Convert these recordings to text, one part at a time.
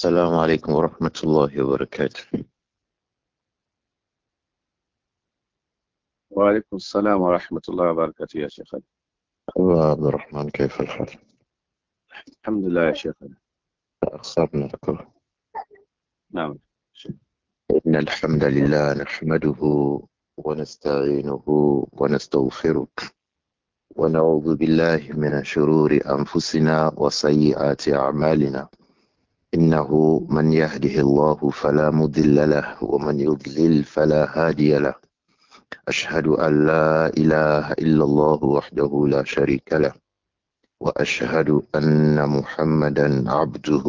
السلام عليكم ورحمة الله وبركاته وعليكم السلام ورحمة الله وبركاته يا شيخ الله عبد الرحمن كيف الحال؟ الحمد لله يا شيخ تأخرنا لكم نعم إن الحمد لله نحمده ونستعينه ونستغفره ونعوذ بالله من شرور أنفسنا وسيئات أعمالنا إنه من يهده الله فلا مضل له ومن يضلل فلا هادي له أشهد أن لا إله إلا الله وحده لا شريك له وأشهد أن محمدا عبده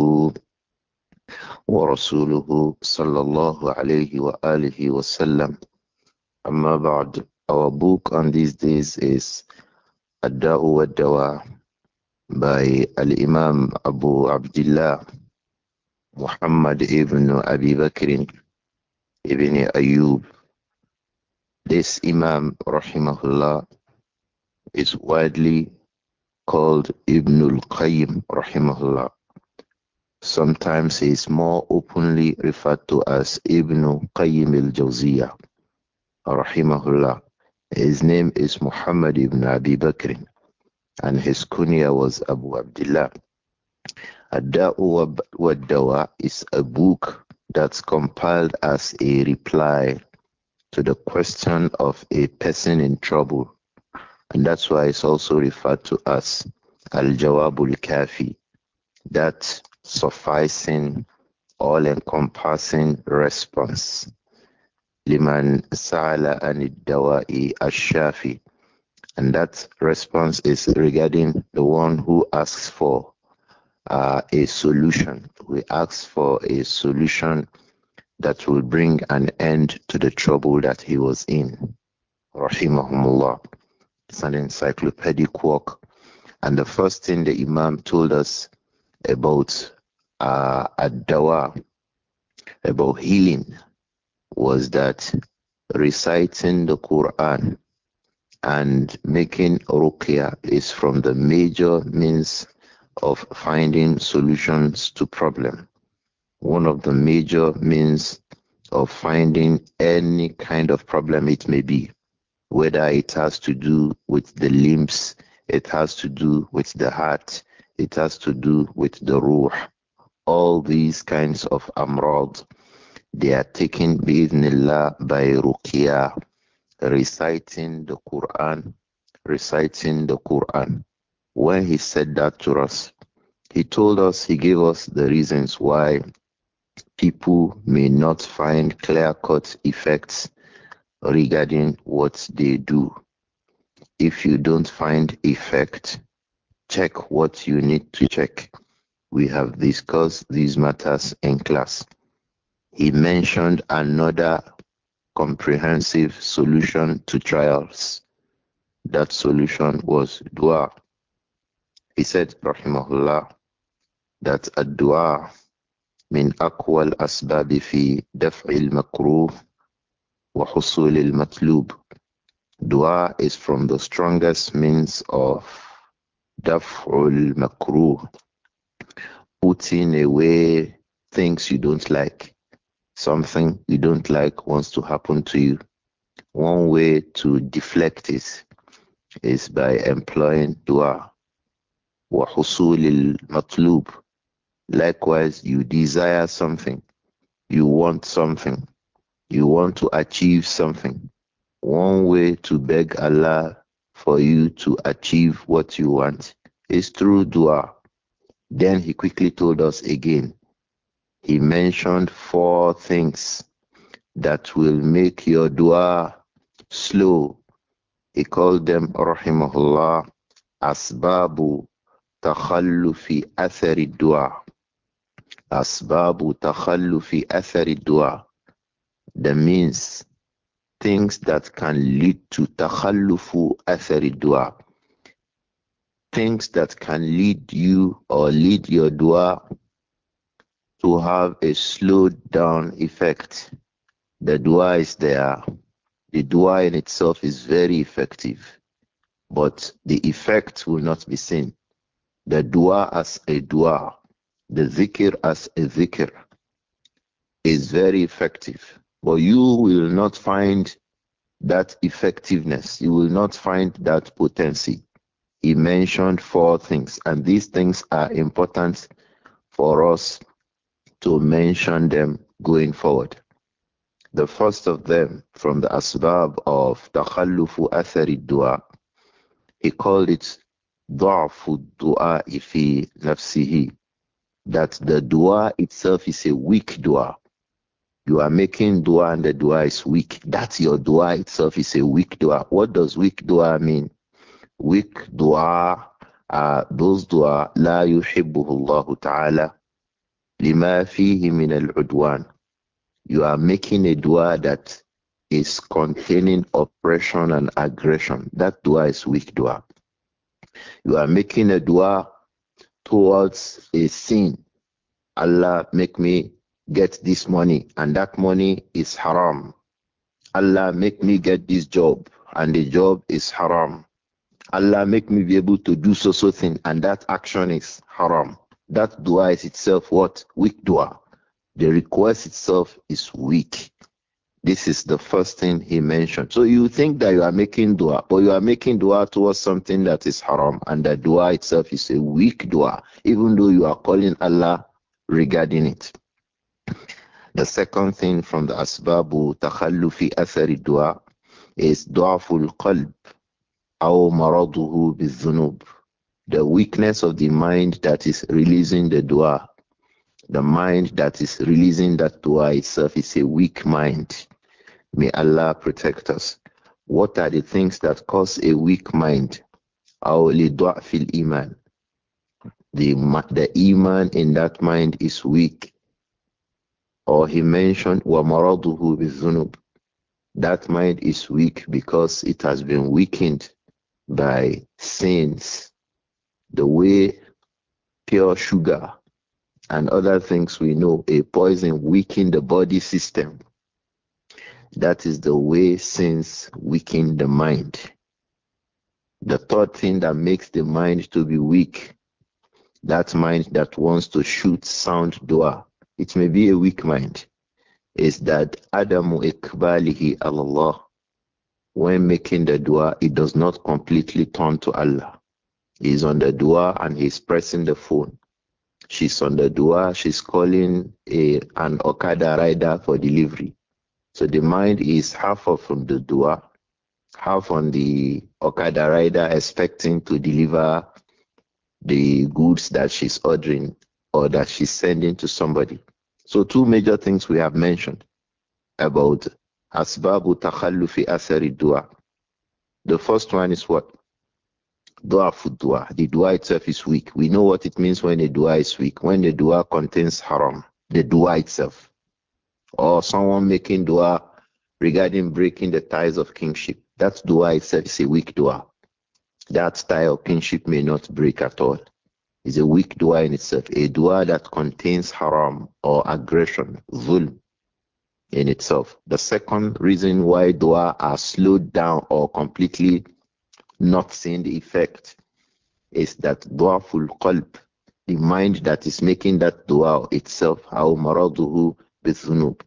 ورسوله صلى الله عليه وآله وسلم أما بعد our book on these days is الداء والدواء by Al-Imam Abu Abdullah Muhammad ibn Abi Bakr ibn Ayub. This Imam, rahimahullah, is widely called Ibn al-Qayyim, rahimahullah. Sometimes he is more openly referred to as Ibn Qayyim al-Jawziyah, rahimahullah. His name is Muhammad ibn Abi Bakr, and his kunya was Abu Abdullah. Ad-Da'u wa is a book that's compiled as a reply to the question of a person in trouble. And that's why it's also referred to as Al-Jawabul Kafi, that sufficing, all-encompassing response. Liman Sa'ala Anid-Dawa'i Ashafi, And that response is regarding the one who asks for uh, a solution. We ask for a solution that will bring an end to the trouble that he was in. Rahimahumullah. It's an encyclopedic work. And the first thing the Imam told us about uh, ad-dawa, about healing, was that reciting the Quran and making ruqya is from the major means of finding solutions to problem. One of the major means of finding any kind of problem it may be, whether it has to do with the limbs, it has to do with the heart, it has to do with the ruh. All these kinds of amrod, they are taken bismillah by ruqya, reciting the Quran, reciting the Quran when he said that to us, he told us, he gave us the reasons why people may not find clear cut effects regarding what they do. If you don't find effect, check what you need to check. We have discussed these matters in class. He mentioned another comprehensive solution to trials. That solution was dua. He said, Rahimahullah, that ad-dua min aqwa al fi da'fil makruh wa husulil al-matlub. Dua is from the strongest means of daf'ul makruh, putting away things you don't like. Something you don't like wants to happen to you. One way to deflect it is by employing dua. وحصول المطلوب likewise you desire something you want something you want to achieve something one way to beg Allah for you to achieve what you want is through dua then he quickly told us again he mentioned four things that will make your dua slow. He called them, rahimahullah, asbabu تخلف أثر الدعاء أسباب تخلف أثر الدعاء the means things that can lead to takhallufu athari dua things that can lead you or lead your dua to have a slowed down effect the dua is there the dua in itself is very effective but the effect will not be seen the dua as a dua, the zikr as a zikr is very effective. But you will not find that effectiveness. You will not find that potency. He mentioned four things, and these things are important for us to mention them going forward. The first of them from the asbab of takhallufu athari dua, he called it that the dua itself is a weak dua. You are making dua and the dua is weak. That's your dua itself is a weak dua. What does weak dua mean? Weak dua are uh, those dua la yuhibbuhu Allah ta'ala lima fihi min al You are making a dua that is containing oppression and aggression. That dua is weak dua. You are making a dua towards a sin. Allah, make me get this money, and that money is haram. Allah, make me get this job, and the job is haram. Allah, make me be able to do so so thing, and that action is haram. That dua is itself what? Weak dua. The request itself is weak. This is the first thing he mentioned. So you think that you are making dua, but you are making dua towards something that is haram, and the dua itself is a weak dua, even though you are calling Allah regarding it. The second thing from the asbabu takhallufi athari dua is du'aful qalb aw maraduhu bizunub. The weakness of the mind that is releasing the dua. The mind that is releasing that dua itself is a weak mind. May Allah protect us. What are the things that cause a weak mind? Our fil iman. The, the iman in that mind is weak. Or he mentioned wa maraduhu bizunub. That mind is weak because it has been weakened by sins. The way pure sugar and other things we know, a poison weaken the body system that is the way sins weaken the mind. The third thing that makes the mind to be weak, that mind that wants to shoot sound dua, it may be a weak mind, is that Adamu Ikbalihi Allah. When making the dua, it does not completely turn to Allah. He's on the dua and he's pressing the phone. She's on the dua, she's calling a, an Okada rider for delivery. So the mind is half off from the dua, half on the Okada rider expecting to deliver the goods that she's ordering or that she's sending to somebody. So two major things we have mentioned about asbabu takhallufi asari dua. The first one is what? Dua for dua. The dua itself is weak. We know what it means when the dua is weak. When the dua contains haram, the dua itself or someone making dua regarding breaking the ties of kingship. That dua itself is a weak dua. That tie of kingship may not break at all. It's a weak dua in itself, a dua that contains haram or aggression, zulm in itself. The second reason why dua are slowed down or completely not seeing the effect is that dua full qalb, the mind that is making that dua itself, how maraduhu Bethunup,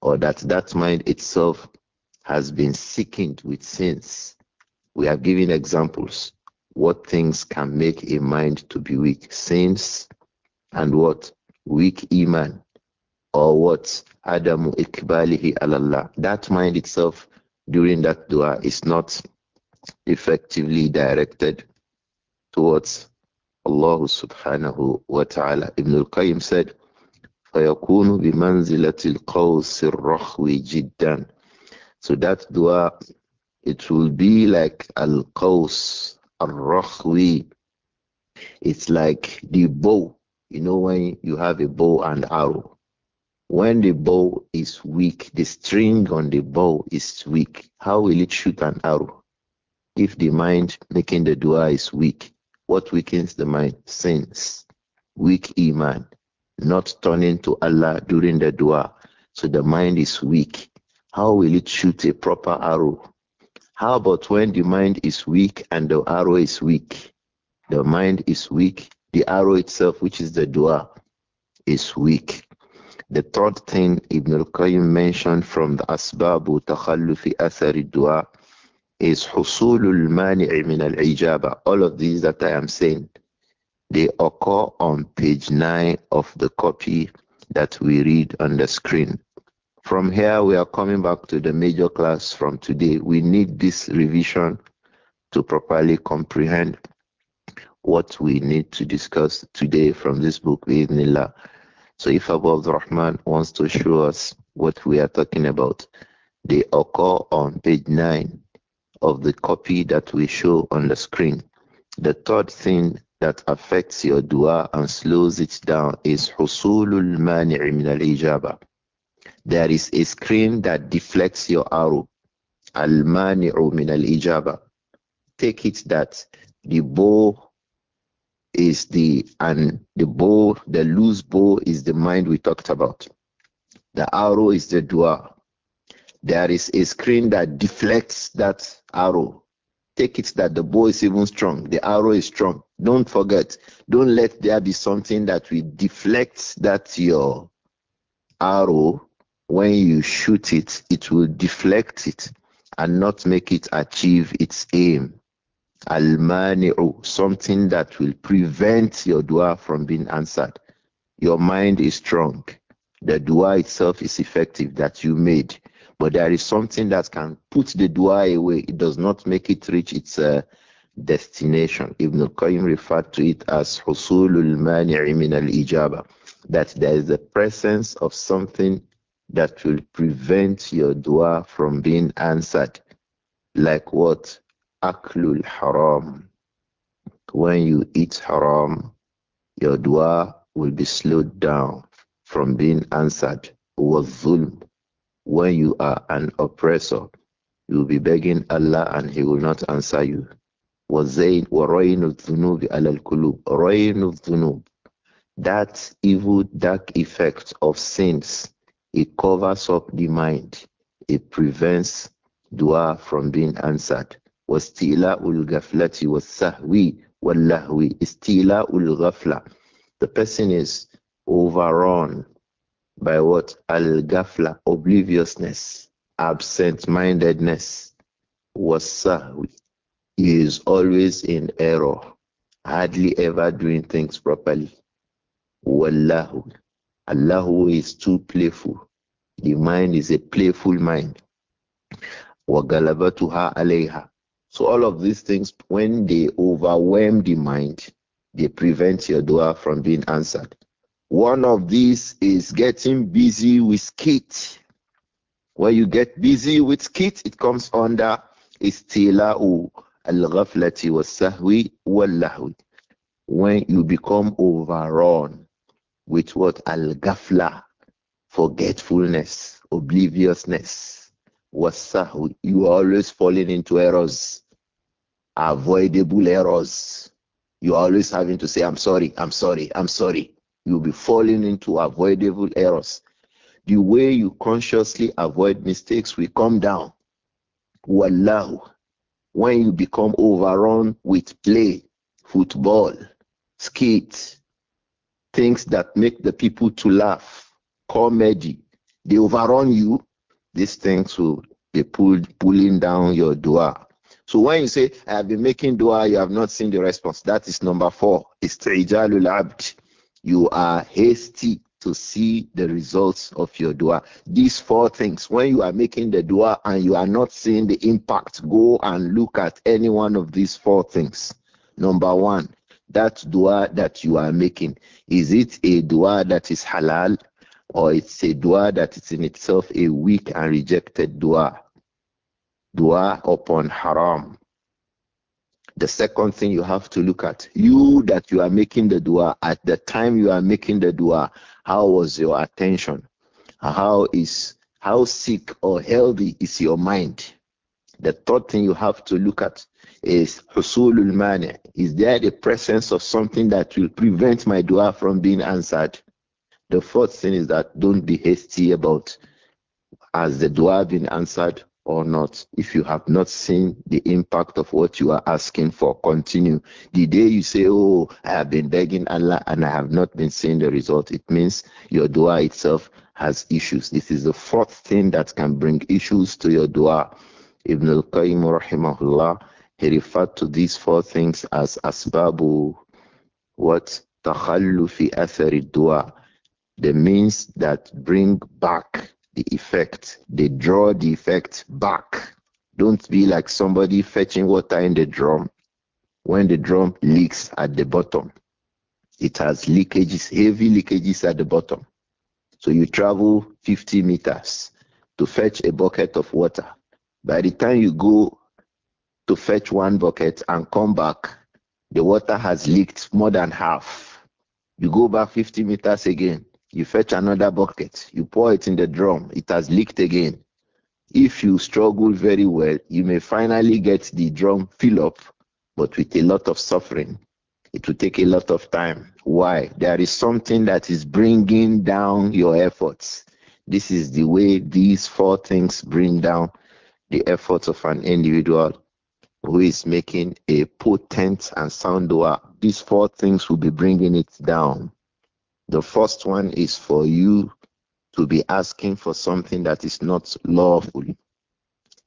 or that that mind itself has been sickened with sins. We have given examples what things can make a mind to be weak, sins, and what weak iman, or what adamu ikbalihi alallah. That mind itself during that dua is not effectively directed towards Allah subhanahu wa ta'ala. Ibn al-Qayyim said, فيكون بمنزلة القوس الرخوي جدا so that dua it will be like al qaus al rakhwi it's like the bow you know when you have a bow and arrow when the bow is weak the string on the bow is weak how will it shoot an arrow if the mind making the dua is weak what weakens the mind sins weak iman not turning to Allah during the dua. So the mind is weak. How will it shoot a proper arrow? How about when the mind is weak and the arrow is weak? The mind is weak, the arrow itself, which is the dua, is weak. The third thing Ibn al-Qayyim mentioned from the asbabu takhallufi athari dua is husulul mani'i min al-ijaba. All of these that I am saying, they occur on page 9 of the copy that we read on the screen. From here, we are coming back to the major class from today. We need this revision to properly comprehend what we need to discuss today from this book, Bismillah. So, if Abu Rahman wants to show us what we are talking about, they occur on page 9 of the copy that we show on the screen. The third thing that affects your dua and slows it down is husulul mani'i min al-ijaba. There is a screen that deflects your arrow. Al-mani'u min al-ijaba. Take it that the bow is the and the bow, the loose bow is the mind we talked about. The arrow is the dua. There is a screen that deflects that arrow take it that the bow is even strong, the arrow is strong. Don't forget, don't let there be something that will deflect that your arrow when you shoot it, it will deflect it and not make it achieve its aim. al something that will prevent your dua from being answered. Your mind is strong. The dua itself is effective that you made. But there is something that can put the dua away. It does not make it reach its uh, destination. Ibn al-Qayyim referred to it as husulul mani'i min al-ijaba, that there is the presence of something that will prevent your dua from being answered. Like what? Aklul haram. When you eat haram, your dua will be slowed down from being answered. zulm when you are an oppressor, you will be begging Allah and He will not answer you. That evil dark effect of sins, it covers up the mind. It prevents dua from being answered. واستيلاء الغفلة والسهو واللهو ul الغفلة the person is overrun by what? Al gafla, obliviousness, absent mindedness, wasahwi. He is always in error, hardly ever doing things properly. Wallahu. Allahu is too playful. The mind is a playful mind. Wagalabatuha alayha. So all of these things, when they overwhelm the mind, they prevent your dua from being answered. One of these is getting busy with kit. When you get busy with kit, it comes under istila'u al-ghaflati was-sahwi wal-lahwi. When you become overrun with what al-ghafla, forgetfulness, obliviousness, was-sahwi, you are always falling into errors, avoidable errors. You are always having to say, I'm sorry, I'm sorry, I'm sorry. You'll be falling into avoidable errors. The way you consciously avoid mistakes will come down. Wallahu. When you become overrun with play, football, skate, things that make the people to laugh, comedy, they overrun you, these things will be pulled, pulling down your dua. So when you say, I have been making dua, you have not seen the response, that is number four. Istijalul abd you are hasty to see the results of your dua. These four things, when you are making the dua and you are not seeing the impact, go and look at any one of these four things. Number one, that dua that you are making, is it a dua that is halal or it's a dua that is in itself a weak and rejected dua? Dua upon haram, the second thing you have to look at, you that you are making the dua, at the time you are making the dua, how was your attention? How is how sick or healthy is your mind? The third thing you have to look at is husulul mani. Is there the presence of something that will prevent my dua from being answered? The fourth thing is that don't be hasty about has the dua been answered or not. If you have not seen the impact of what you are asking for, continue. The day you say, Oh, I have been begging Allah and I have not been seeing the result, it means your dua itself has issues. This is the fourth thing that can bring issues to your dua. Ibn al Qayyim, rahimahullah, he referred to these four things as asbabu, what? Takhallufi athari dua, the means that bring back the effect. They draw the effect back. Don't be like somebody fetching water in the drum when the drum leaks at the bottom. It has leakages, heavy leakages at the bottom. So you travel 50 meters to fetch a bucket of water. By the time you go to fetch one bucket and come back, the water has leaked more than half. You go back 50 meters again, you fetch another bucket, you pour it in the drum, it has leaked again. If you struggle very well, you may finally get the drum filled up, but with a lot of suffering. It will take a lot of time. Why? There is something that is bringing down your efforts. This is the way these four things bring down the efforts of an individual who is making a potent and sound dua. These four things will be bringing it down. The first one is for you to be asking for something that is not lawful.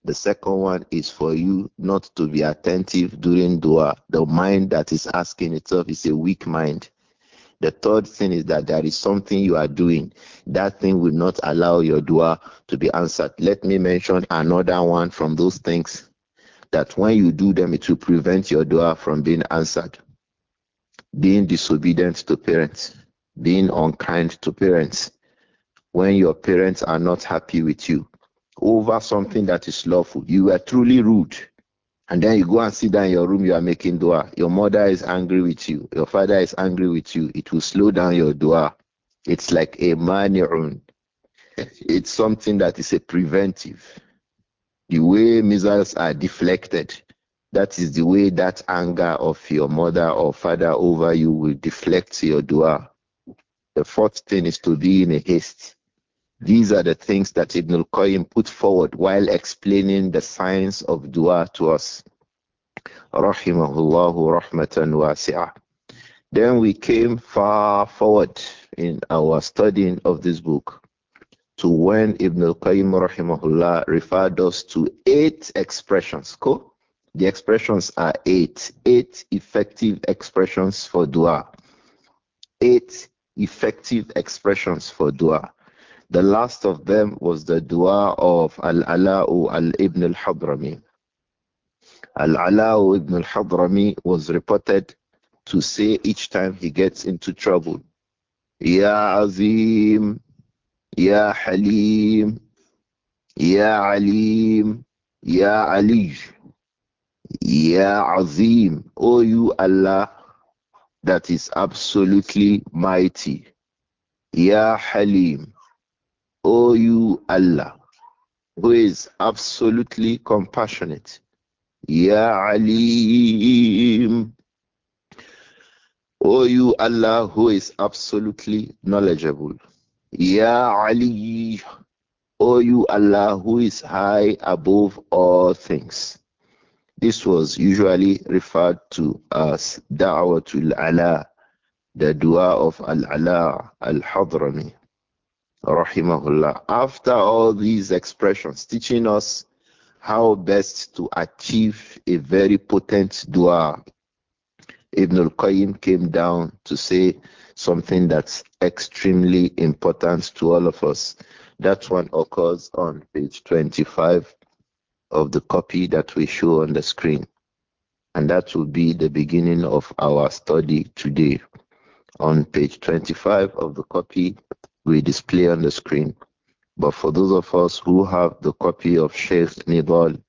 The second one is for you not to be attentive during dua. The mind that is asking itself is a weak mind. The third thing is that there is something you are doing. That thing will not allow your dua to be answered. Let me mention another one from those things that when you do them, it will prevent your dua from being answered. Being disobedient to parents being unkind to parents when your parents are not happy with you over something that is lawful. You were truly rude. And then you go and sit down in your room, you are making dua. Your mother is angry with you. Your father is angry with you. It will slow down your dua. It's like a mani'un. It's something that is a preventive. The way missiles are deflected, that is the way that anger of your mother or father over you will deflect your dua. The fourth thing is to be in a haste. These are the things that Ibn al-Qayyim put forward while explaining the science of dua to us. Rahimahullahu rahmatan wasi'ah. Then we came far forward in our studying of this book to when Ibn al-Qayyim rahimahullah referred us to eight expressions. Cool? The expressions are eight. Eight effective expressions for dua. Eight effective expressions for dua. The last of them was the dua of Al-Ala'u al-Ibn al-Hadrami. Al-Ala'u ibn al-Hadrami was reported to say each time he gets into trouble, Ya Azim, Ya Halim, Ya Alim, Ya Ali, Ya Azim, O oh, you Allah, that is absolutely mighty. Ya Halim, O oh you Allah, who is absolutely compassionate. Ya Alim, O oh you Allah, who is absolutely knowledgeable. Ya Ali, O oh you Allah, who is high above all things. This was usually referred to as Da'watul Ala, the dua of Al Ala Al Hadrami, Rahimahullah. After all these expressions, teaching us how best to achieve a very potent dua, Ibn al Qayyim came down to say something that's extremely important to all of us. That one occurs on page 25 of the copy that we show on the screen. And that will be the beginning of our study today. On page 25 of the copy we display on the screen. But for those of us who have the copy of Sheikh Nidal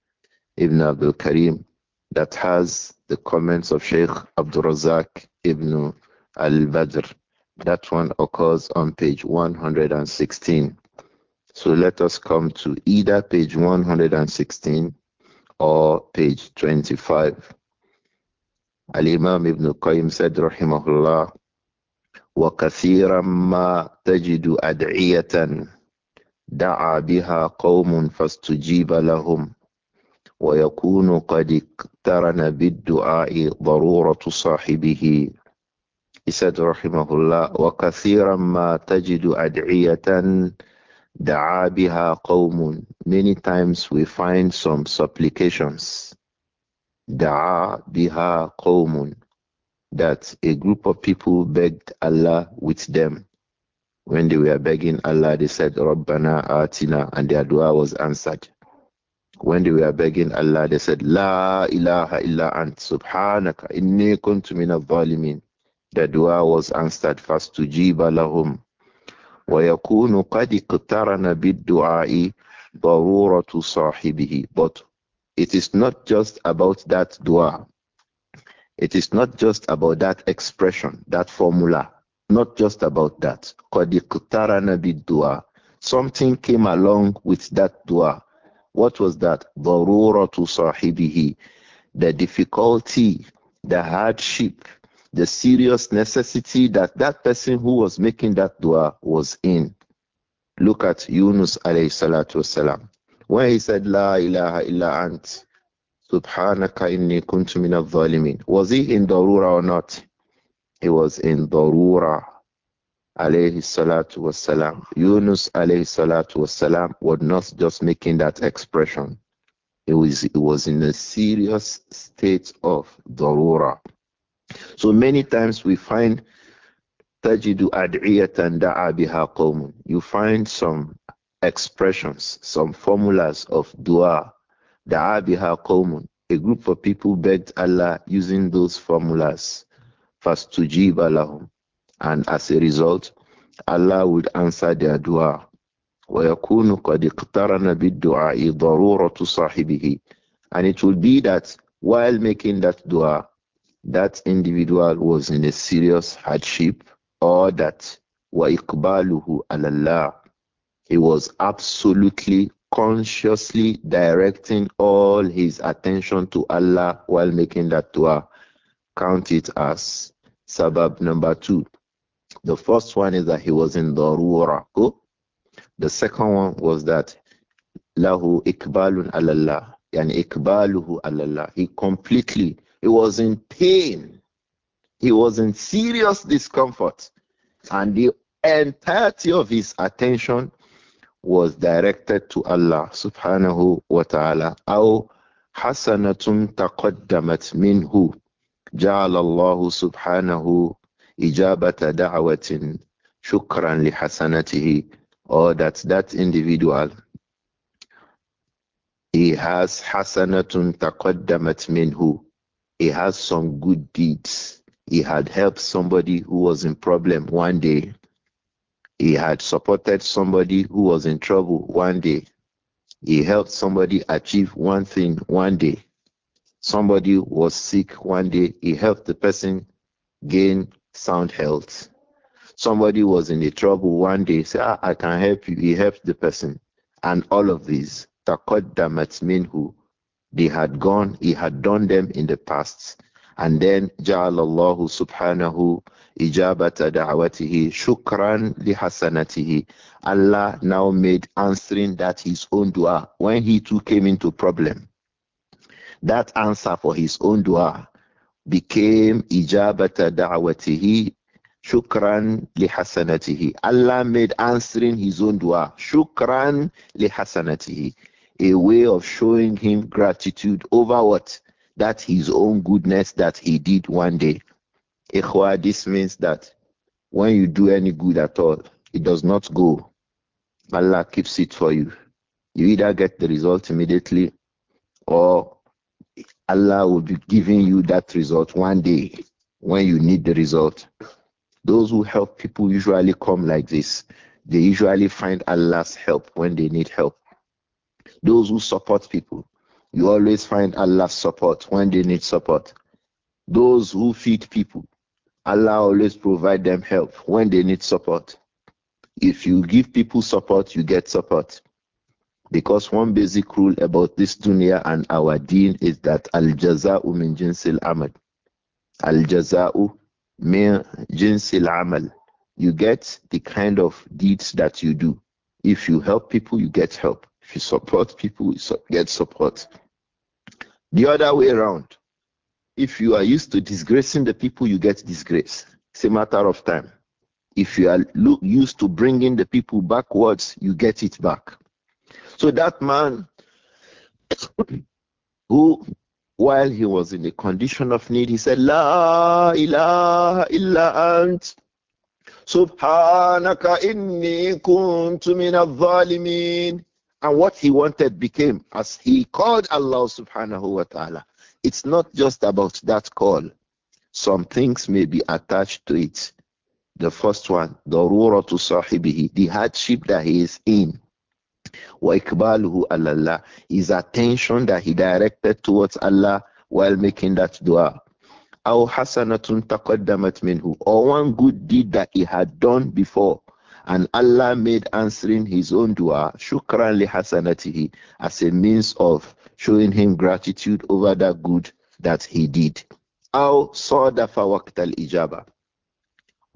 ibn Abdul Karim that has the comments of Sheikh Abdul Razak ibn al Badr, that one occurs on page 116. So let us come to either page 116 or page 25. Al Imam Ibn Qayyim said, Rahimahullah, وكثيرا ما تجد أدعية دعا بها قوم فاستجيب لهم ويكون قد اقترن بالدعاء ضرورة صاحبه He said رحمه الله وكثيرا ما تجد أدعية دعا biha قوم many times we find some supplications دعا biha قوم that a group of people begged Allah with them when they were begging Allah they said ربنا atina," and their dua was answered when they were begging Allah they said La ilaha illa ant subhanaka inni kuntu min al-zalimin the dua was answered fast to lahum ويكون قد اقترن بالدعاء ضرورة صاحبه but it is not just about that dua it is not just about that expression that formula not just about that قد اقترن بالدعاء something came along with that dua what was that ضرورة صاحبه the difficulty the hardship the serious necessity that that person who was making that dua was in. Look at Yunus alayhi salatu wasalam. When he said, La ilaha illa ant, subhanaka inni kuntu min al Was he in darura or not? He was in darura alayhi salatu wasalam. Yunus alayhi salatu wasalam was not just making that expression. It was, it was in a serious state of darura. So many times we find tajidu ad'iyatan da'a biha qawmun. You find some expressions, some formulas of dua. Da'a biha qawmun. A group of people begged Allah using those formulas. Fastujib lahum. And as a result, Allah would answer their dua. ويكون قد اقترن بالدعاء ضرورة صاحبه and it will be that while making that dua that individual was in a serious hardship or that wa ikbaluhu اللَّهِ He was absolutely consciously directing all his attention to Allah while making that dua. Count it as sabab number two. The first one is that he was in darura. The second one was that lahu ikbalun alallah, yani ikbaluhu alallah. He completely he was in pain. He was in serious discomfort. And the entirety of his attention was directed to Allah subhanahu wa ta'ala. Aw hasanatun taqaddamat minhu. جعل الله سبحانه إجابة دعوة شكرا لحسنته or that that individual he has hasanatun taqaddamat minhu he has some good deeds. He had helped somebody who was in problem one day. He had supported somebody who was in trouble one day. He helped somebody achieve one thing one day. Somebody was sick one day. He helped the person gain sound health. Somebody was in a trouble one day. Say, ah, I can help you. He helped the person. And all of these. تَقَدَّمَتْ مِنْهُ they had gone, he had done them in the past. And then جعل الله سبحانه إجابة دعوته شكرا لحسنته Allah now made answering that his own dua when he too came into problem. That answer for his own dua became إجابة دعوته shukran lihasanatihi. Allah made answering his own dua shukran lihasanatihi a way of showing him gratitude over what? That his own goodness that he did one day. Ikhwa, this means that when you do any good at all, it does not go. Allah keeps it for you. You either get the result immediately or Allah will be giving you that result one day when you need the result. Those who help people usually come like this. They usually find Allah's help when they need help. Those who support people, you always find Allah's support when they need support. Those who feed people, Allah always provide them help when they need support. If you give people support, you get support. Because one basic rule about this dunya and our deen is that al jaza'u min jinsil amal. Al jaza'u min jinsil amal. You get the kind of deeds that you do. If you help people, you get help. If you support people, you get support. The other way around, if you are used to disgracing the people, you get disgrace. It's a matter of time. If you are used to bringing the people backwards, you get it back. So that man who, while he was in a condition of need, he said, La ilaha illa ant. Subhanaka inni kuntu min al-zalimin. And what he wanted became as he called Allah subhanahu wa ta'ala. It's not just about that call. Some things may be attached to it. The first one, the rura to sahibihi, the hardship that he is in. Wa ikbaluhu Allah, his attention that he directed towards Allah while making that dua. أو hasanatun تقدمت minhu, or one good deed that he had done before and Allah made answering his own dua, shukran li hasanatihi, as a means of showing him gratitude over that good that he did. Aw sadafa waqt al-ijaba.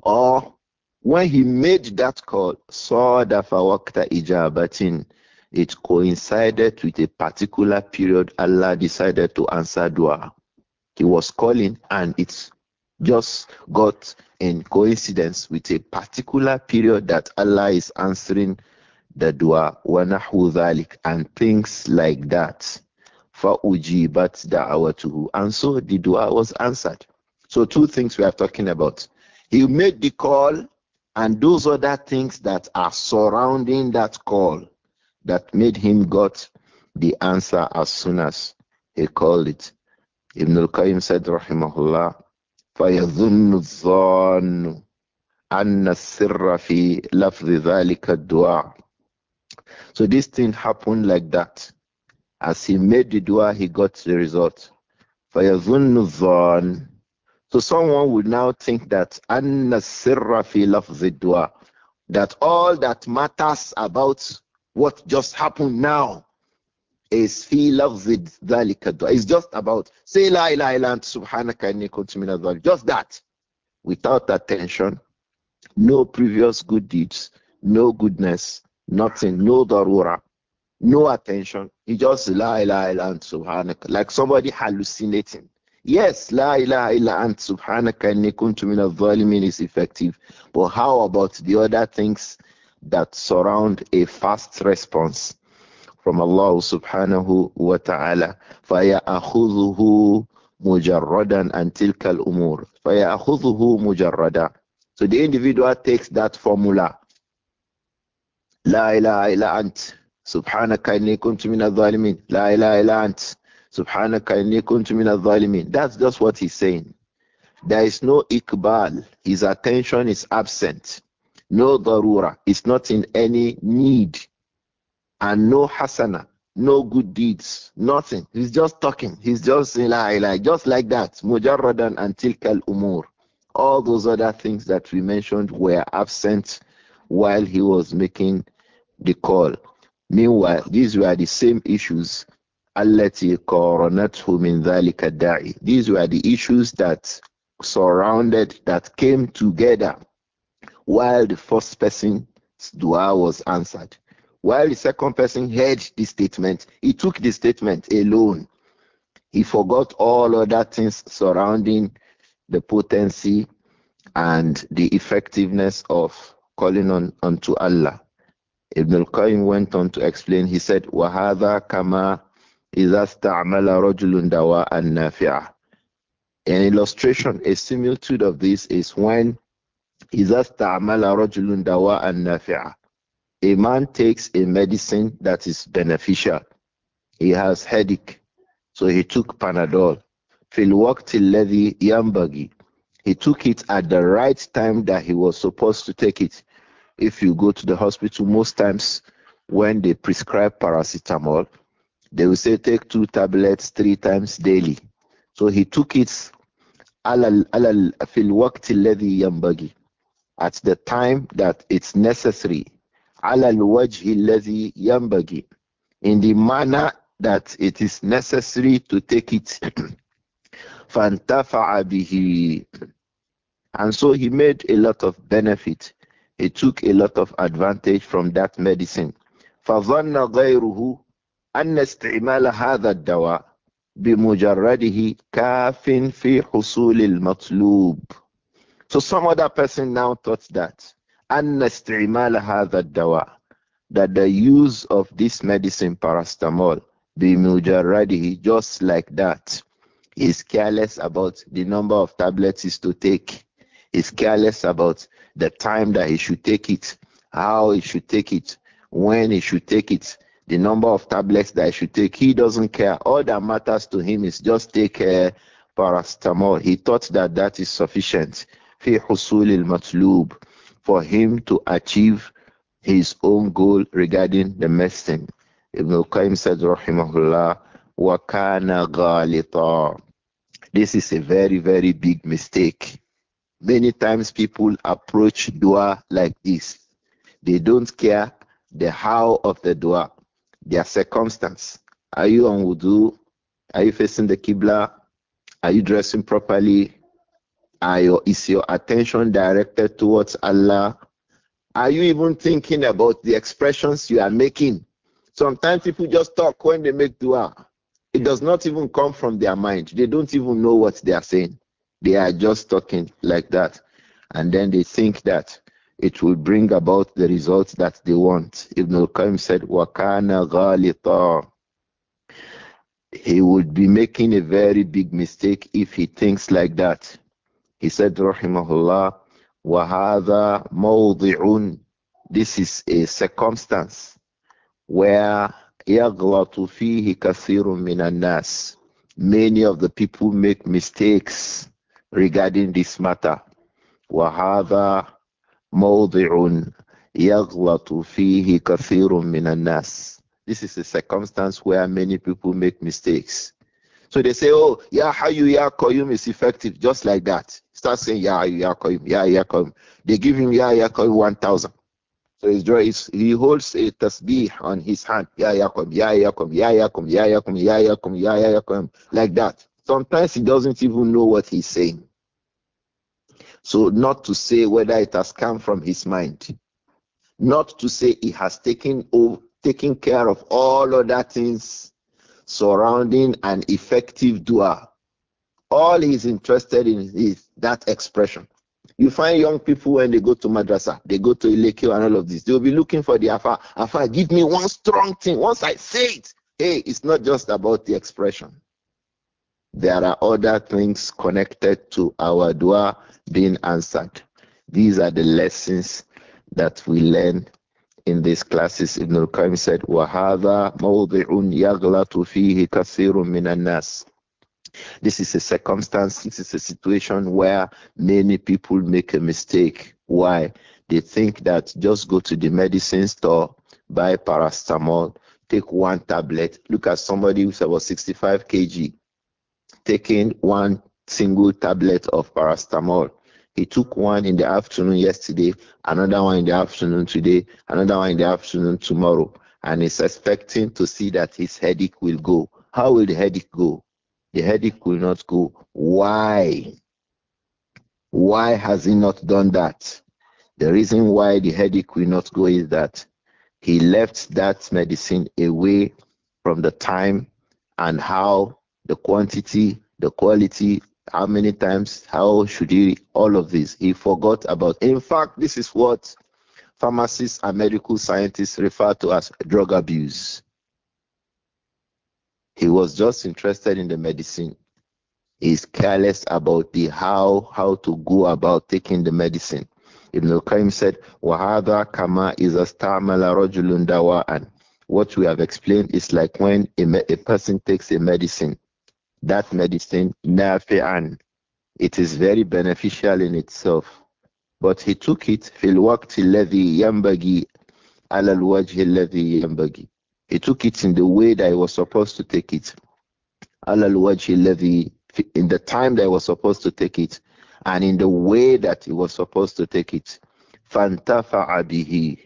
Or when he made that call, sadafa waqt ijabatin, it coincided with a particular period Allah decided to answer dua. He was calling and it just got in coincidence with a particular period that Allah is answering the dua wanahu dhalik and things like that. da da'awatuhu. And so the dua was answered. So two things we are talking about. He made the call and those other things that are surrounding that call that made him got the answer as soon as he called it. Ibn al-Qayyim said, rahimahullah, فيظن الظان أن السر في لفظ ذلك الدعاء So this thing happened like that. As he made the dua, he got the result. فيظن الظان So someone would now think that أن السر في لفظ الدعاء that all that matters about what just happened now is fi lafzid dhalika dua. It's just about say la ilaha illa ant subhanaka inni kuntu minadh Just that. Without attention, no previous good deeds, no goodness, nothing, no darura, no attention. He just la ilaha illa ant subhanaka. Like somebody hallucinating. Yes, la ilaha illa ant subhanaka inni kuntu minadh is effective. But how about the other things that surround a fast response? from Allah subhanahu wa ta'ala. فَيَأَخُذُهُ مُجَرَّدًا أَنْ تِلْكَ الْأُمُورِ فَيَأَخُذُهُ مُجَرَّدًا So the individual takes that formula. لا إله إلا أنت سبحانك إني كنت من الظالمين لا إله إلا أنت سبحانك إني كنت من الظالمين That's just what he's saying. There is no ikbal. His attention is absent. No darura. It's not in any need and no hasana, no good deeds, nothing. He's just talking. He's just la just like that. Mujarradan and tilkal umur. All those other things that we mentioned were absent while he was making the call. Meanwhile, these were the same issues. التي قارنته من ذلك الداعي. These were the issues that surrounded, that came together while the first person's dua was answered. While the second person heard the statement, he took the statement alone. He forgot all other things surrounding the potency and the effectiveness of calling on unto Allah. Ibn al-Qayyim went on to explain, he said, "Wahada kama إِذَا اسْتَعْمَلَ رَجُلٌ دَوَاءً نَافِعًا An illustration, a similitude of this is when إِذَا Amala رَجُلٌ an nafia a man takes a medicine that is beneficial. He has headache, so he took Panadol. till waqti yambagi. He took it at the right time that he was supposed to take it. If you go to the hospital, most times when they prescribe paracetamol, they will say take two tablets three times daily. So he took it at the time that it's necessary على الوجه الذي ينبغي in the manner that it is necessary to take it فانتفع به and so he made a lot of benefit he took a lot of advantage from that medicine فظن غيره أن استعمال هذا الدواء بمجرده كاف في حصول المطلوب So some other person now thought that أن استعمال هذا الدواء that the use of this medicine paracetamol بمجرده just like that is careless about the number of tablets is to take is careless about the time that he should take it how he should take it when he should take it the number of tablets that he should take he doesn't care all that matters to him is just take Parastamol. Uh, paracetamol he thought that that is sufficient في حصول المطلوب for him to achieve his own goal regarding the medicine. Ibn al-Qayyim said, rahimahullah, وَكَانَ غَالِطًا This is a very, very big mistake. Many times people approach dua like this. They don't care the how of the dua, their circumstance. Are you on wudu? Are you facing the Qibla? Are you dressing properly? Are your, is your attention directed towards Allah? Are you even thinking about the expressions you are making? Sometimes people just talk when they make dua. It does not even come from their mind. They don't even know what they are saying. They are just talking like that. And then they think that it will bring about the results that they want. Ibn al-Qayyim said, وَكَانَ غَالِطًا He would be making a very big mistake if he thinks like that. He said, Rahimahullah, Wahada Mawdi'un. This is a circumstance where يغلط فيه كثير من الناس. Many of the people make mistakes regarding this matter. وهذا موضع يغلط فيه كثير من الناس. This is a circumstance where many people make mistakes. So they say, oh, yeah, Hayu, yeah, Koyum is effective, just like that. Start saying, yeah, Hayu, yeah, Koyum, yeah, yeah, Koyum. They give him, yeah, yeah, Koyum 1,000. So his draw is, he holds a tasbih on his hand, yeah, yeah, Koyum, yeah, yeah, Koyum, yeah, yeah, Koyum, yeah, yeah, Koyum, yeah, yeah, Koyum, yeah, yeah, Koyum, like that. Sometimes he doesn't even know what he's saying. So not to say whether it has come from his mind, not to say he has taken over, taken care of all other things surrounding an effective dua. All he's interested in is that expression. You find young people when they go to madrasa, they go to Ilekio and all of this, they'll be looking for the afa. Afa, give me one strong thing. Once I say it, hey, it's not just about the expression. There are other things connected to our dua being answered. These are the lessons that we learn in these classes, Ibn al-Qayyim said, "Wahada مَوْضِعٌ yaglatu fihi كَثِيرٌ min النَّاسِ This is a circumstance, this is a situation where many people make a mistake. Why? They think that just go to the medicine store, buy paracetamol, take one tablet. Look at somebody who's about 65 kg, taking one single tablet of paracetamol he took one in the afternoon yesterday, another one in the afternoon today, another one in the afternoon tomorrow, and is expecting to see that his headache will go. How will the headache go? The headache will not go. Why? Why has he not done that? The reason why the headache will not go is that he left that medicine away from the time and how the quantity, the quality, how many times? How should he? All of this. He forgot about. In fact, this is what pharmacists and medical scientists refer to as drug abuse. He was just interested in the medicine. He's careless about the how, how to go about taking the medicine. Ibn al-Qayyim said, "Wahada kama is أَسْتَعْمَلَ رَجُلٌ And What we have explained is like when a, a person takes a medicine that medicine, nafi'an. It is very beneficial in itself. But he took it fil الوقت الذي ينبغي على الوجه الذي He took it in the way that he was supposed to take it. على الوجه الذي in the time that he was supposed to take it and in the way that he was supposed to take it. fantafa به.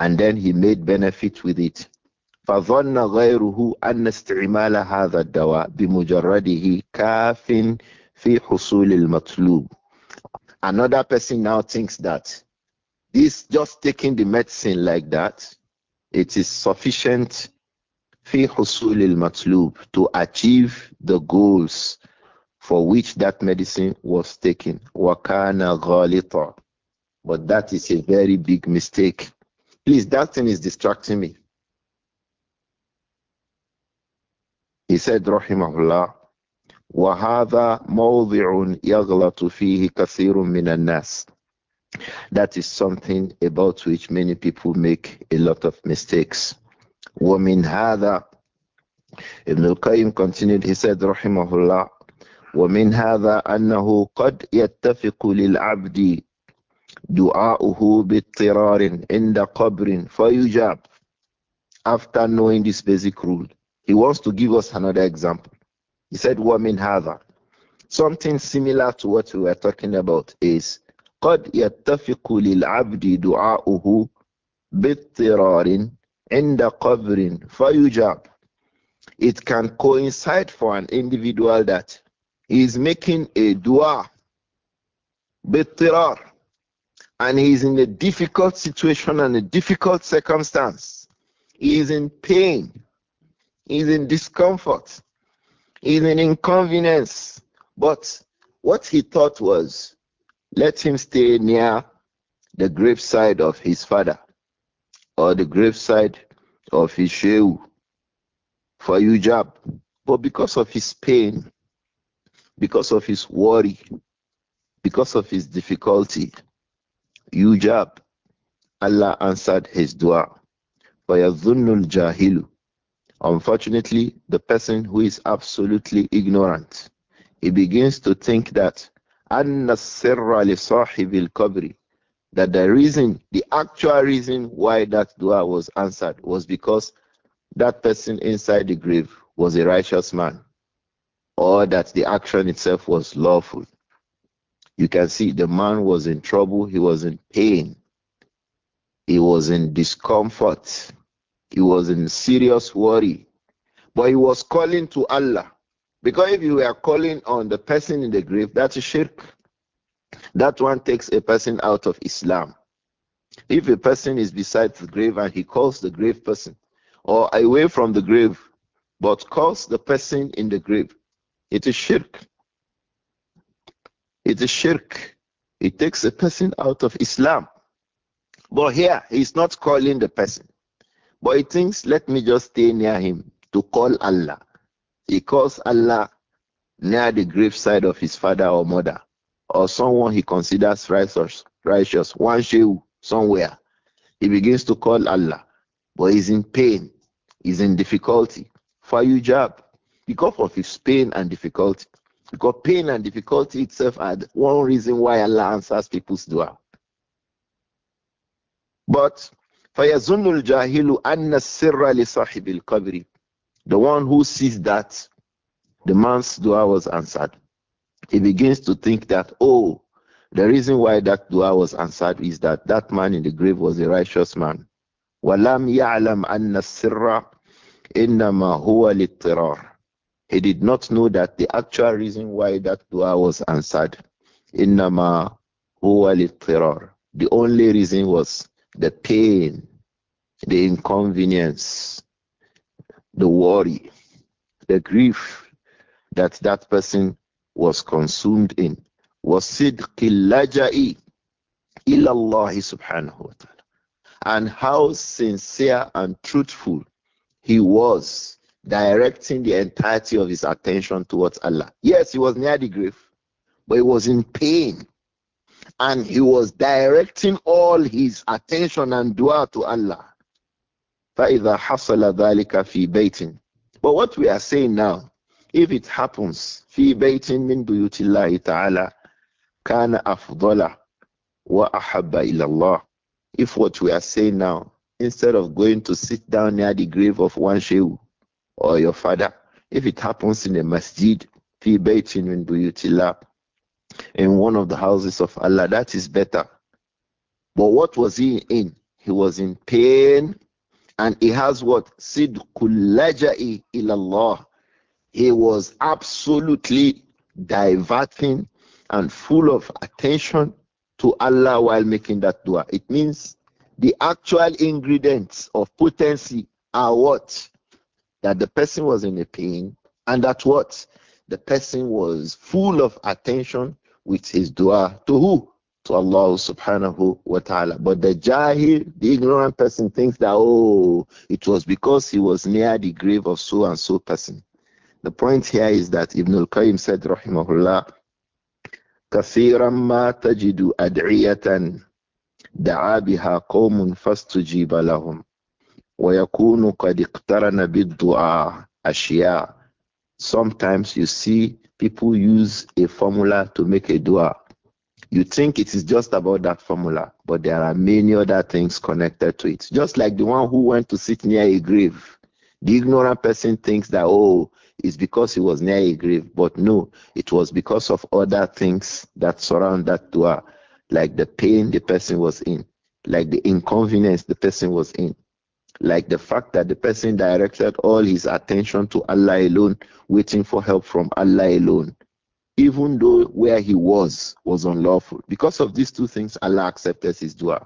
And then he made benefit with it. فظن غيره أن استعمال هذا الدواء بمجرده كاف في حصول المطلوب another person now thinks that this just taking the medicine like that it is sufficient في حصول المطلوب to achieve the goals for which that medicine was taken وكان غالطا but that is a very big mistake please that thing is distracting me He said, Rahimahullah, وَهَذَا مَوْضِعٌ يَغْلَطُ فِيهِ كَثِيرٌ مِنَ النَّاسِ That is something about which many people make a lot of mistakes. وَمِنْ هَذَا Ibn al-Qayyim continued, he said, Rahimahullah, وَمِنْ هَذَا أَنَّهُ قَدْ يَتَّفِقُ لِلْعَبْدِ دُعَاؤُهُ بِاضْطِرَارٍ عِنْدَ قَبْرٍ فَيُجَابُ After knowing this basic rule, he wants to give us another example. He said, Wamin Hava. Something similar to what we were talking about is قد يتفق للعبد دعاؤه باضطرار عند قبر فيجاب it can coincide for an individual that he is making a dua bittirar and he is in a difficult situation and a difficult circumstance he is in pain is in discomfort, is in inconvenience. But what he thought was, let him stay near the graveside of his father or the graveside of his shehu for Ujab. But because of his pain, because of his worry, because of his difficulty, Ujab, Allah answered his dua. فَيَظُنُّ Jahilu. Unfortunately, the person who is absolutely ignorant, he begins to think that أن he will cover that the reason, the actual reason why that dua was answered was because that person inside the grave was a righteous man, or that the action itself was lawful. You can see the man was in trouble, he was in pain, he was in discomfort, he was in serious worry. But he was calling to Allah. Because if you were calling on the person in the grave, that's a shirk. That one takes a person out of Islam. If a person is beside the grave and he calls the grave person, or away from the grave, but calls the person in the grave, it is shirk. It is shirk. It takes a person out of Islam. But here, he's not calling the person. But he thinks, let me just stay near him to call Allah. He calls Allah near the graveside of his father or mother, or someone he considers righteous, righteous one shew somewhere. He begins to call Allah, but he's in pain, he's in difficulty. For you, job, because of his pain and difficulty, because pain and difficulty itself are one reason why Allah answers people's dua. But فَيَظُنُّ الْجَاهِلُ أَنَّ السِّرَّ لِصَاحِبِ الْقَبْرِ The one who sees that, the man's dua was answered. He begins to think that, oh, the reason why that dua was answered is that that man in the grave was a righteous man. وَلَمْ يَعْلَمْ أَنَّ السِّرَّ إِنَّمَا هُوَ لِلطِّرَارِ He did not know that the actual reason why that dua was answered. إِنَّمَا هُوَ لِلطِّرَارِ The only reason was the pain the inconvenience, the worry, the grief that that person was consumed in. was اللَّجَئِ إِلَى اللَّهِ And how sincere and truthful he was directing the entirety of his attention towards Allah. Yes, he was near the grief, but he was in pain. And he was directing all his attention and dua to Allah. فَإِذَا حَصَلَ ذَلِكَ فِي بَيْتٍ But what we are saying now, if it happens, فِي بَيْتٍ مِنْ بُيُوتِ اللَّهِ تَعَالَى كَانَ أَفْضَلَ وَأَحَبَّ إِلَى اللَّهِ If what we are saying now, instead of going to sit down near the grave of one shehu or your father, if it happens in a masjid, فِي بَيْتٍ مِنْ بُيُوتِ اللَّهِ in one of the houses of Allah, that is better. But what was he in? He was in pain and he has what? Sidqul laja'i ilallah. He was absolutely diverting and full of attention to Allah while making that dua. It means the actual ingredients of potency are what? That the person was in a pain and that what? The person was full of attention with his dua. To who? to Allah subhanahu wa ta'ala. But the jahil, the ignorant person, thinks that, oh, it was because he was near the grave of so and so person. The point here is that Ibn al Qayyim said, Rahimahullah, كثيرا ما تجد أدعية دعا بها قوم فاستجيب لهم ويكون قد اقترن بالدعاء أشياء Sometimes you see people use a formula to make a dua you think it is just about that formula, but there are many other things connected to it. Just like the one who went to sit near a grave. The ignorant person thinks that, oh, it's because he was near a grave, but no, it was because of other things that surround that dua, like the pain the person was in, like the inconvenience the person was in, like the fact that the person directed all his attention to Allah alone, waiting for help from Allah alone even though where he was was unlawful. Because of these two things, Allah accepted his dua.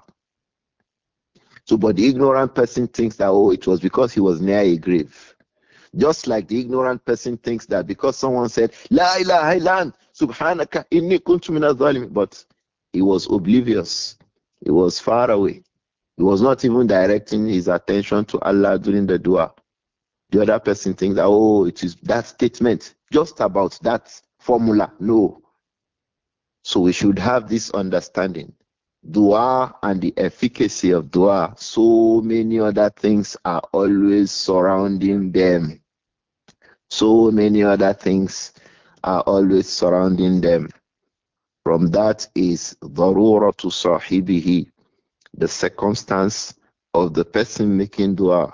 So, but the ignorant person thinks that, oh, it was because he was near a grave. Just like the ignorant person thinks that because someone said, La ilaha illan, subhanaka, inni kuntu minadhalim. But he was oblivious. He was far away. He was not even directing his attention to Allah during the dua. The other person thinks that, oh, it is that statement, just about that formula. No. So we should have this understanding. Dua and the efficacy of dua, so many other things are always surrounding them. So many other things are always surrounding them. From that is darura to sahibihi, the circumstance of the person making dua,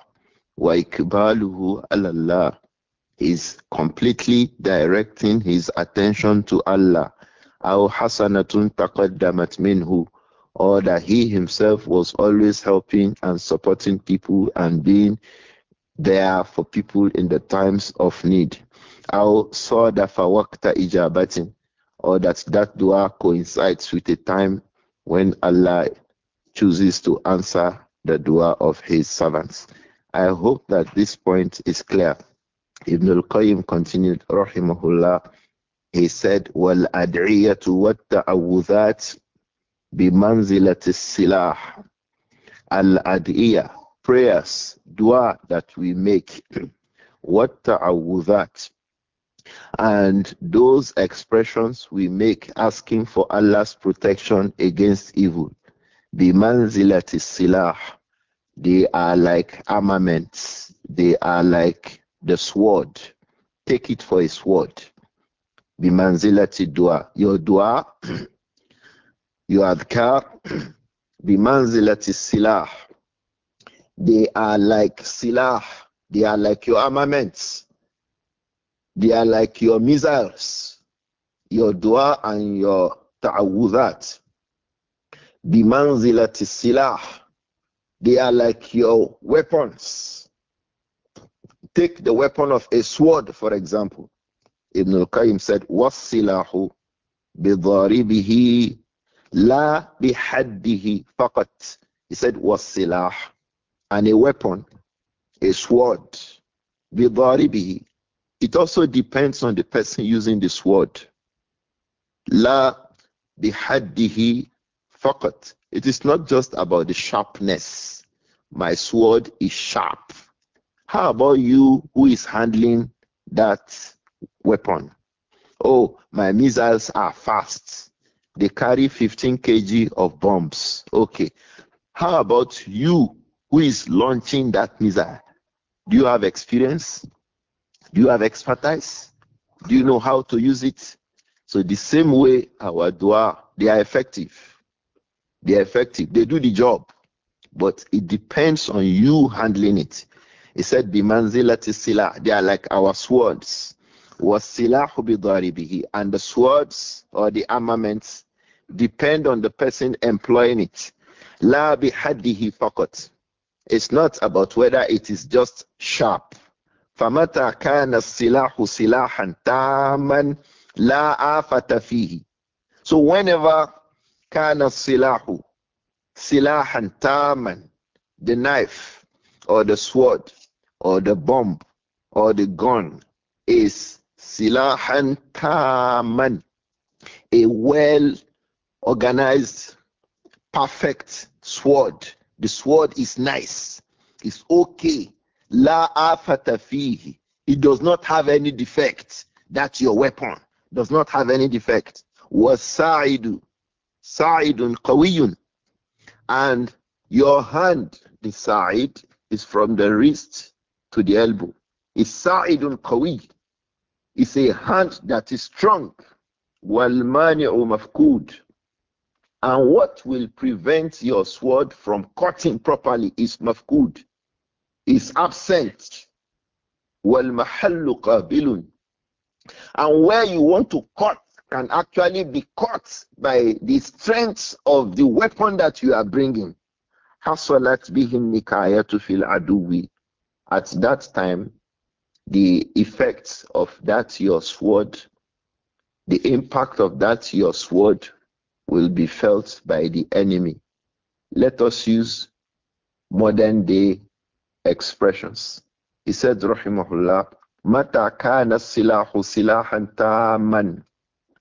wa ikbaluhu Allah is completely directing his attention to Allah. Aw hasanatun taqaddamat minhu or that he himself was always helping and supporting people and being there for people in the times of need. Aw sadafa waqta ijabatin or that that dua coincides with a time when Allah chooses to answer the dua of his servants. I hope that this point is clear. Ibn al-Qayyim continued, rahimahullah, he said, wa والادعية bi وَالتَّعَوُّذَاتِ Silah. السِّلَاحِ Al-Ad'iyah, prayers, dua that we make, وَالتَّعَوُّذَاتِ and those expressions we make asking for Allah's protection against evil. Bimanzilati silah. They are like armaments. They are like the sword. Take it for a sword. Bimanzilati dua. Your dua, your adkar, bimanzilati silah. They are like silah. They are like your armaments. They are like your missiles. Your dua and your ta'awudat. Bimanzilati silah. They are like your weapons. Take the weapon of a sword, for example. Ibn al-Qayyim said, وَالصِّلَاحُ بِضَارِبِهِ لَا بِحَدِّهِ فَقَط He said, وَالصِّلَاح And a weapon, a sword, بِضَارِبِهِ It also depends on the person using the sword. لَا بِحَدِّهِ فَقَط It is not just about the sharpness. My sword is sharp how about you who is handling that weapon? Oh, my missiles are fast. They carry 15 kg of bombs. Okay. How about you who is launching that missile? Do you have experience? Do you have expertise? Do you know how to use it? So the same way our dua, they are effective. They are effective. They do the job. But it depends on you handling it. He said, Bimanzilati silah. They are like our swords. Was silahu bidaribihi. And the swords or the armaments depend on the person employing it. La bihaddihi faqat. It's not about whether it is just sharp. kana كان السلاح سلاحا تاما لا آفة فيه. So whenever kana silahu silahan taman, the knife or the sword or the bomb or the gun is silahan taman, a well organized, perfect sword. The sword is nice, it's okay. La afata It does not have any defect. That's your weapon. Does not have any defect. Was sa'idu. Sa'idun qawiyun. And your hand, the side, is from the wrist to the elbow. It's sa'idun qawi. It's a hand that is strong. Wal mani'u mafkud. And what will prevent your sword from cutting properly is mafkud, is absent. Wal mahallu qabilun. And where you want to cut can actually be cut by the strength of the weapon that you are bringing. حصلت بهم نكاية fil aduwi. At that time, the effects of that your sword, the impact of that your sword will be felt by the enemy. Let us use modern day expressions. He said, Rahimahullah, Mata kana السلاح سلاحا تاما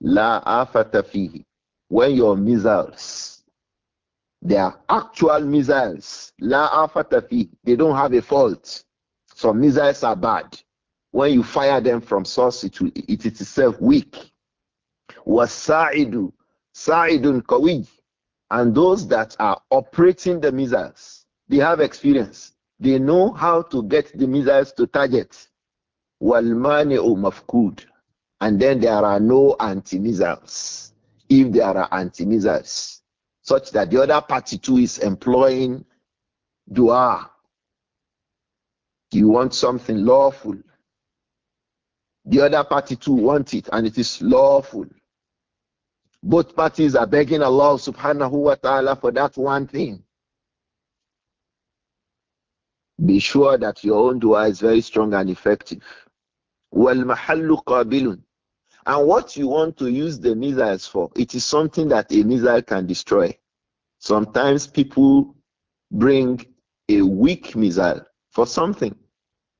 لا آفة فيه when your missiles they are actual missiles لا آفة فيه they don't have a fault some missiles are bad. When you fire them from source, it, it, it itself weak. Wasaidu, Saidun Kawi, and those that are operating the missiles, they have experience. They know how to get the missiles to target. Walmani'u mafkud. And then there are no anti-missiles. If there are anti-missiles, such that the other party too is employing dua you want something lawful. The other party too wants it, and it is lawful. Both parties are begging Allah subhanahu wa ta'ala for that one thing. Be sure that your own dua is very strong and effective. Well, mahallu قَابِلٌ And what you want to use the missiles for, it is something that a missile can destroy. Sometimes people bring a weak missile for something.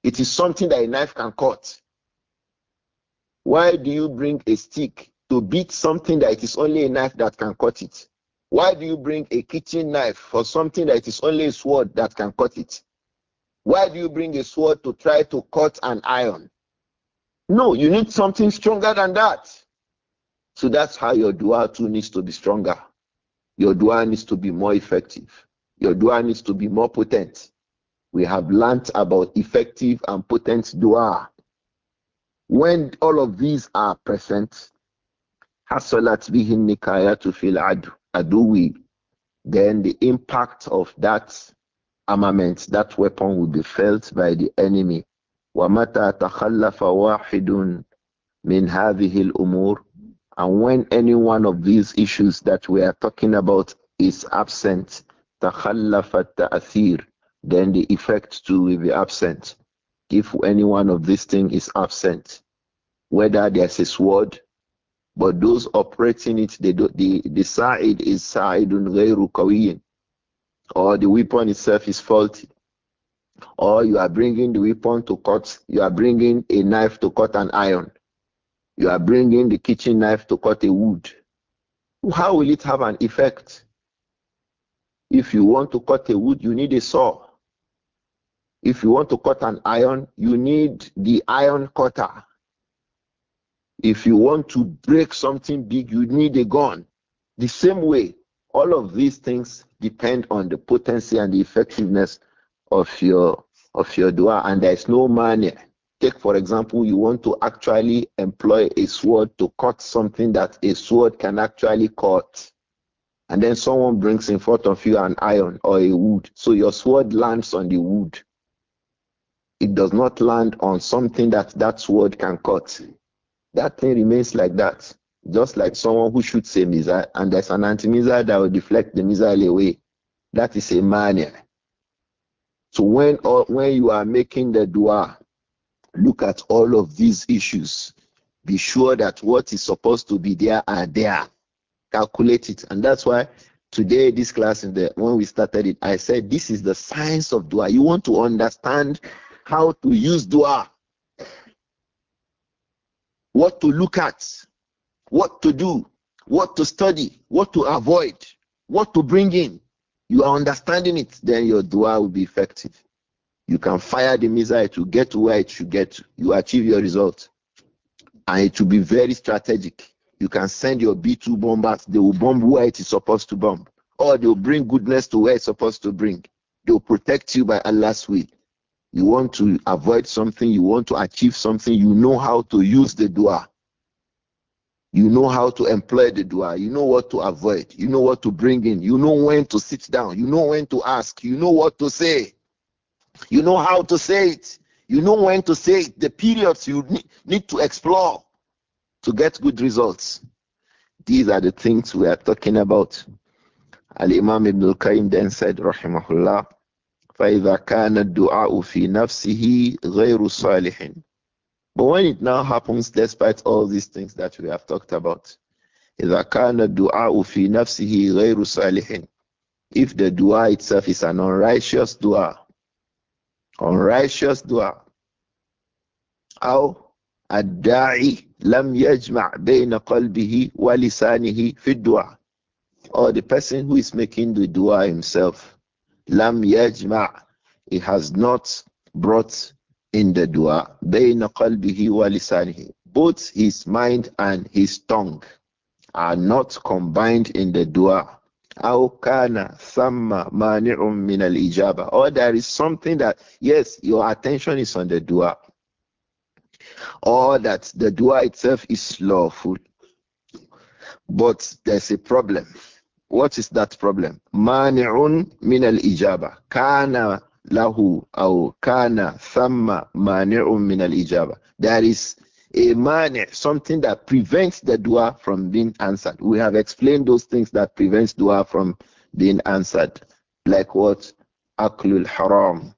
It is something that a knife can cut. Why do you bring a stick to beat something that it is only a knife that can cut it? Why do you bring a kitchen knife for something that it is only a sword that can cut it? Why do you bring a sword to try to cut an iron? No, you need something stronger than that. So that's how your dua too needs to be stronger. Your dua needs to be more effective. Your dua needs to be more potent we have learnt about effective and potent dua. When all of these are present, hasolat bihin nikayatu fil aduwi, then the impact of that armament, that weapon will be felt by the enemy. وَمَتَى تَخَلَّفَ وَاحِدٌ مِنْ هَذِهِ الْأُمُورِ And when any one of these issues that we are talking about is absent, تَخَلَّفَ التَّأْثِيرُ then the effect too will be absent. If any one of these things is absent, whether there's a sword, but those operating it, they do, the, the side is sa'idun ghayru qawiyin, or the weapon itself is faulty, or you are bringing the weapon to cut, you are bringing a knife to cut an iron, you are bringing the kitchen knife to cut a wood. How will it have an effect? If you want to cut a wood, you need a saw. If you want to cut an iron, you need the iron cutter. If you want to break something big, you need a gun. The same way, all of these things depend on the potency and the effectiveness of your of your dua, and there is no money. Take for example, you want to actually employ a sword to cut something that a sword can actually cut, and then someone brings in front of you an iron or a wood, so your sword lands on the wood it does not land on something that that sword can cut. That thing remains like that, just like someone who shoots a missile and there's an anti-missile that will deflect the missile away. That is a mania. So when or when you are making the dua, look at all of these issues. Be sure that what is supposed to be there are there. Calculate it, and that's why today this class in the when we started it, I said this is the science of dua. You want to understand how to use dua, what to look at, what to do, what to study, what to avoid, what to bring in. You are understanding it, then your dua will be effective. You can fire the missile to get to where it should get. To. You achieve your result. And it will be very strategic. You can send your B 2 bombers, they will bomb where it is supposed to bomb, or they will bring goodness to where it's supposed to bring. They will protect you by Allah's will you want to avoid something, you want to achieve something, you know how to use the dua. You know how to employ the dua. You know what to avoid. You know what to bring in. You know when to sit down. You know when to ask. You know what to say. You know how to say it. You know when to say it. The periods you need to explore to get good results. These are the things we are talking about. Al Imam Ibn al Qayyim then said, Rahimahullah. فإذا كان الدعاء في نفسه غير صالح But when it now happens despite all these things that we have talked about إذا كان الدعاء في نفسه غير صالح If the dua itself is an unrighteous dua unrighteous dua أو الداعي لم يجمع بين قلبه ولسانه في الدعاء or the person who is making the dua himself Lam yajma'. He has not brought in the dua bayna qalbihi wa lisanihi. Both his mind and his tongue are not combined in the dua. Aukana sama ثم مانع من الإجابة or there is something that yes your attention is on the dua or that the dua itself is lawful but there's a problem what is that problem? Mani'un min al-ijaba. Kana lahu aw kana thamma mani'un min al-ijaba. There is a mani, something that prevents the dua from being answered. We have explained those things that prevents dua from being answered. Like what? Aklul haram.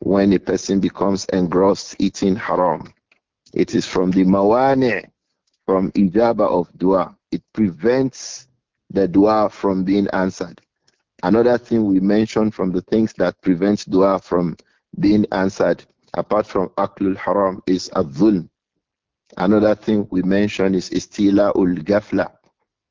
When a person becomes engrossed eating haram. It is from the mawani, from ijaba of dua. It prevents the dua from being answered. Another thing we mentioned from the things that prevents dua from being answered, apart from aklul haram, is abdul. Another thing we mentioned is istila ul gafla.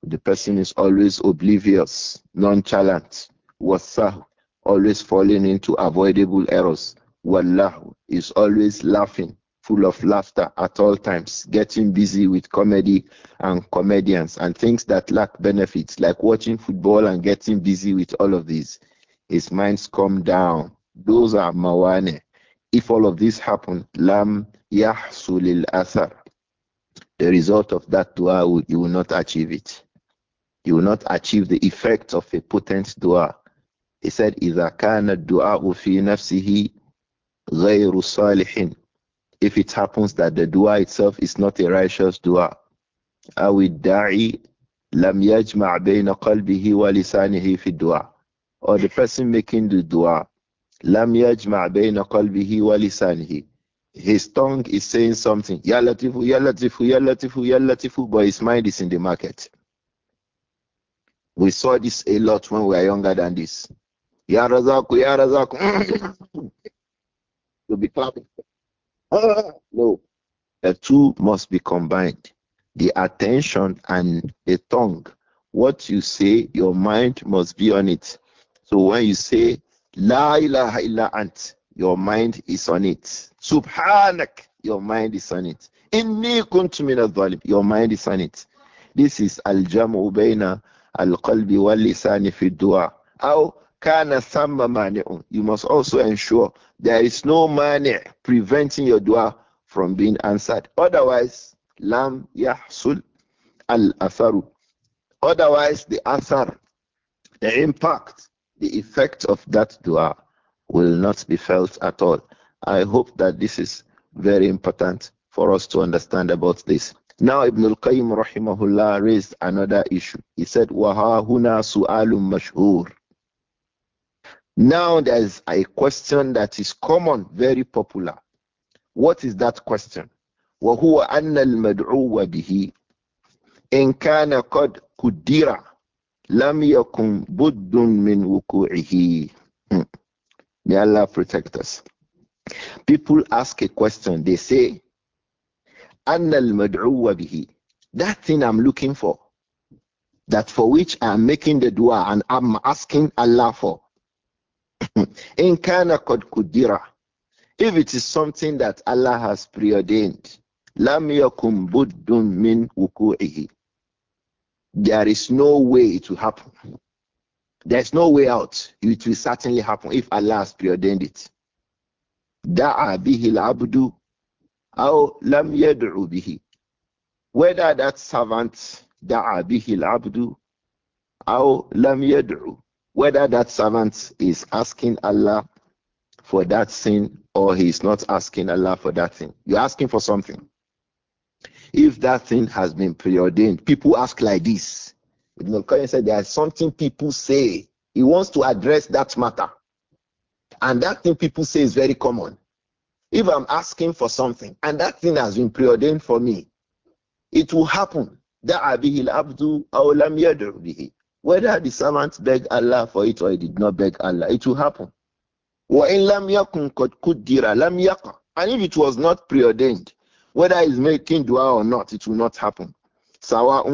The person is always oblivious, nonchalant, wasah, always falling into avoidable errors. Wallahu is always laughing, full of laughter at all times, getting busy with comedy and comedians and things that lack benefits, like watching football and getting busy with all of these. His mind's calm down. Those are mawane. If all of this happened, lam yahsulil asar. The result of that dua, you will not achieve it. You will not achieve the effect of a potent dua. He said, إذا كان الدعاء في نفسه غير صالح if it happens that the dua itself is not a righteous dua. أو الداعي لم يجمع بين قلبه ولسانه في الدعاء or the person making the dua لم يجمع بين قلبه ولسانه his tongue is saying something يا لطيف يا لطيف يا لطيف يا لطيف but his mind is in the market we saw this a lot when we were younger than this يا رزاق يا رزاق to be clapping no. The two must be combined. The attention and the tongue. What you say, your mind must be on it. So when you say, La ilaha illa ant, your mind is on it. Subhanak, your mind is on it. Inni kuntu min your mind is on it. This is al-jam'u bayna al-qalbi wal-lisani fi dua kana thamma mani'un. You must also ensure there is no money preventing your dua from being answered. Otherwise, lam yahsul al atharu. Otherwise, the athar, the impact, the effect of that dua will not be felt at all. I hope that this is very important for us to understand about this. Now Ibn al-Qayyim rahimahullah raised another issue. He said, وَهَا هُنَا سُؤَالٌ مَشْهُورٌ now there is a question that is common, very popular. What is that question? وهو أن المدعو به إن كان قد قدر لم يكن بد من وقوعه. May Allah protect us. People ask a question. They say, أن المدعو به. That thing I'm looking for, that for which I'm making the dua and I'm asking Allah for. In kana kudira. If it is something that Allah has preordained, lam yakum buddun min wuku'ihi. There is no way it will happen. There's no way out. It will certainly happen if Allah has preordained it. Da'a bihi al-abdu aw lam yad'u bihi. Whether that servant da'a bihi al-abdu aw lam yad'u whether that servant is asking Allah for that sin or he is not asking Allah for that thing. You're asking for something. If that thing has been preordained, people ask like this. Ibn al-Qayyim said there is something people say. He wants to address that matter. And that thing people say is very common. If I'm asking for something and that thing has been preordained for me, it will happen. That abdul bihi. Whether the servant begged Allah for it or he did not beg Allah, it will happen. And if it was not preordained, whether he's making dua or not, it will not happen. Whether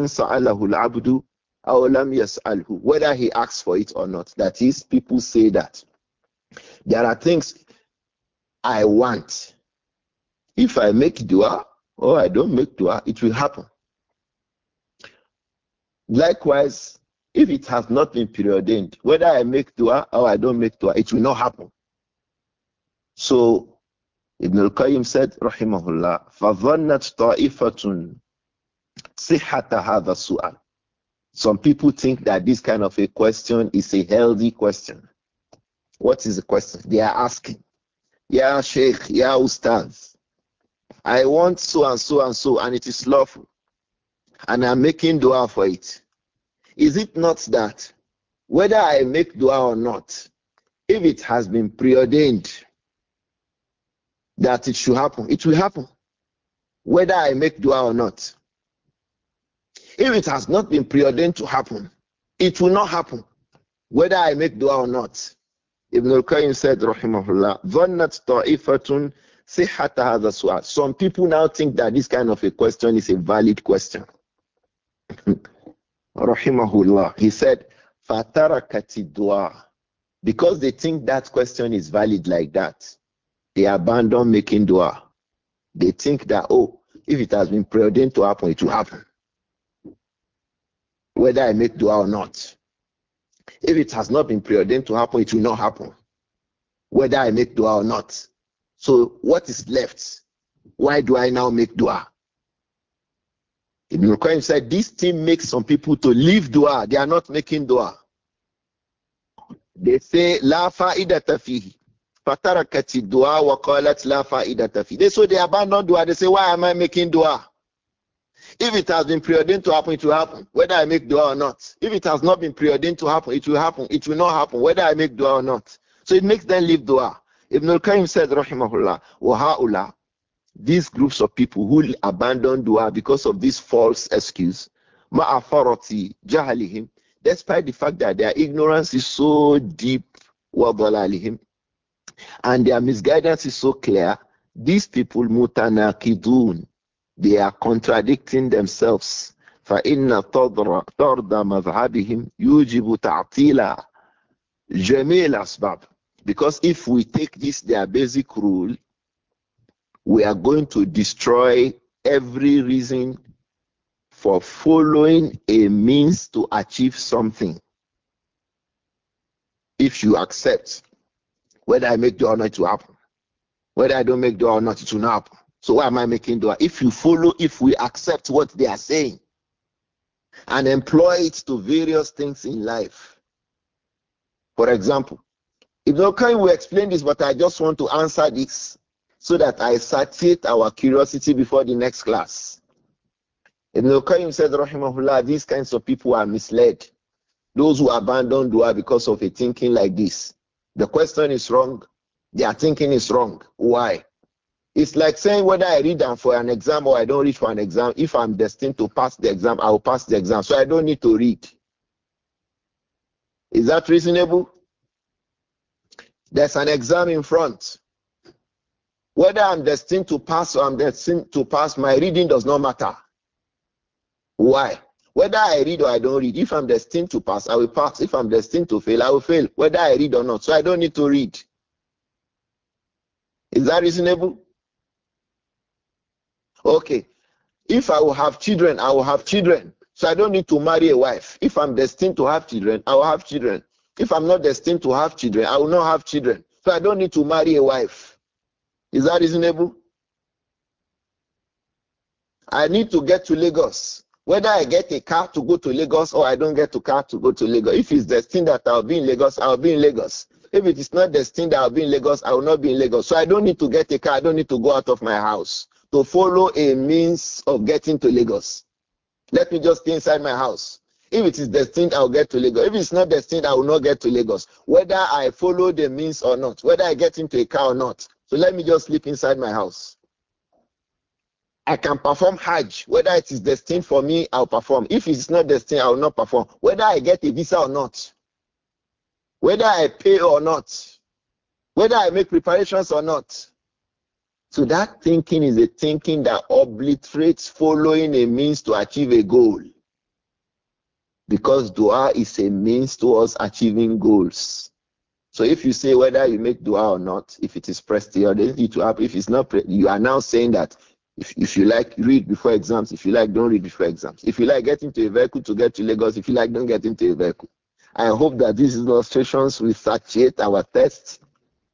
he asks for it or not. That is, people say that. There are things I want. If I make dua or I don't make dua, it will happen. Likewise, if it has not been preordained, whether I make dua or I don't make dua, it will not happen. So Ibn al-Qayyim said, Rahimahullah, فَظَنَّتْ طَائِفَةٌ صِحَّةَ هَذَا السُّؤَالِ Some people think that this kind of a question is a healthy question. What is the question? They are asking, Ya Sheikh, Ya Ustaz, I want so and so and so, and it is lawful, and I'm making dua for it. Is it not that whether I make dua or not, if it has been preordained that it should happen, it will happen, whether I make dua or not. If it has not been preordained to happen, it will not happen, whether I make dua or not. Ibn al-Qayyim said, rahimahullah, Some people now think that this kind of a question is a valid question. rahimahullah, he said, kati dua. Because they think that question is valid like that, they abandon making dua. They think that, oh, if it has been preordained to happen, it will happen. Whether I make dua or not. If it has not been preordained to happen, it will not happen. Whether I make dua or not. So what is left? Why do I now make dua? Ibn Qayyim said, This thing makes some people to leave dua. They are not making dua. They say, La fa'idata fihi. Fatarakati dua wa qalat la fa'idata fihi. They, say they abandon dua. They say, Why am I making dua? If it has been preordained to happen, it will happen, whether I make dua or not. If it has not been preordained to happen, it will happen. It will not happen, whether I make dua or not. So it makes them leave dua. Ibn al-Qayyim said, Rahimahullah, وَهَؤُلَا these groups of people who abandon dua because of this false excuse, ma'afarati jahalihim, despite the fact that their ignorance is so deep, وَضَلَالِهِمْ and their misguidance is so clear, these people mutanakidun, they are contradicting themselves. فإن طرد مذهبهم يوجب تعطيل جميع الأسباب because if we take this their basic rule we are going to destroy every reason for following a means to achieve something. If you accept whether I make dua or not, to happen. Whether I don't make dua or not, it will not happen. So why am I making dua? If you follow, if we accept what they are saying and employ it to various things in life. For example, if Qayyim we explain this, but I just want to answer this so that I satiate our curiosity before the next class. Ibn qayyim said, Rahimahullah, these kinds of people are misled. Those who abandon dua because of a thinking like this. The question is wrong. Their thinking is wrong. Why? It's like saying whether I read them for an exam or I don't read for an exam. If I'm destined to pass the exam, I'll pass the exam. So I don't need to read. Is that reasonable? There's an exam in front. Whether I'm destined to pass or I'm destined to pass, my reading does not matter. Why? Whether I read or I don't read, if I'm destined to pass, I will pass. If I'm destined to fail, I will fail, whether I read or not. So I don't need to read. Is that reasonable? Okay. If I will have children, I will have children. So I don't need to marry a wife. If I'm destined to have children, I will have children. If I'm not destined to have children, I will not have children. So I don't need to marry a wife. Is that reasonable? I need to get to Lagos. Whether I get a car to go to Lagos or I don't get a car to go to Lagos. If it's destined that I'll be in Lagos, I'll be in Lagos. If it is not destined that I'll be in Lagos, I will not be in Lagos. So I don't need to get a car. I don't need to go out of my house to follow a means of getting to Lagos. Let me just stay inside my house. If it is destined, I'll get to Lagos. If it's not destined, I will not get to Lagos. Whether I follow the means or not, whether I get into a car or not, so let me just sleep inside my house. I can perform Hajj. Whether it is destined for me, I'll perform. If it's not destined, I will not perform. Whether I get a visa or not, whether I pay or not, whether I make preparations or not. So that thinking is a thinking that obliterates following a means to achieve a goal. Because dua is a means towards achieving goals. So if you say whether you make dua or not, if it is pressed, you does need to If it's not, you are now saying that if, if you like, read before exams. If you like, don't read before exams. If you like, get into a vehicle to get to Lagos. If you like, don't get into a vehicle. I hope that these illustrations will satiate our tests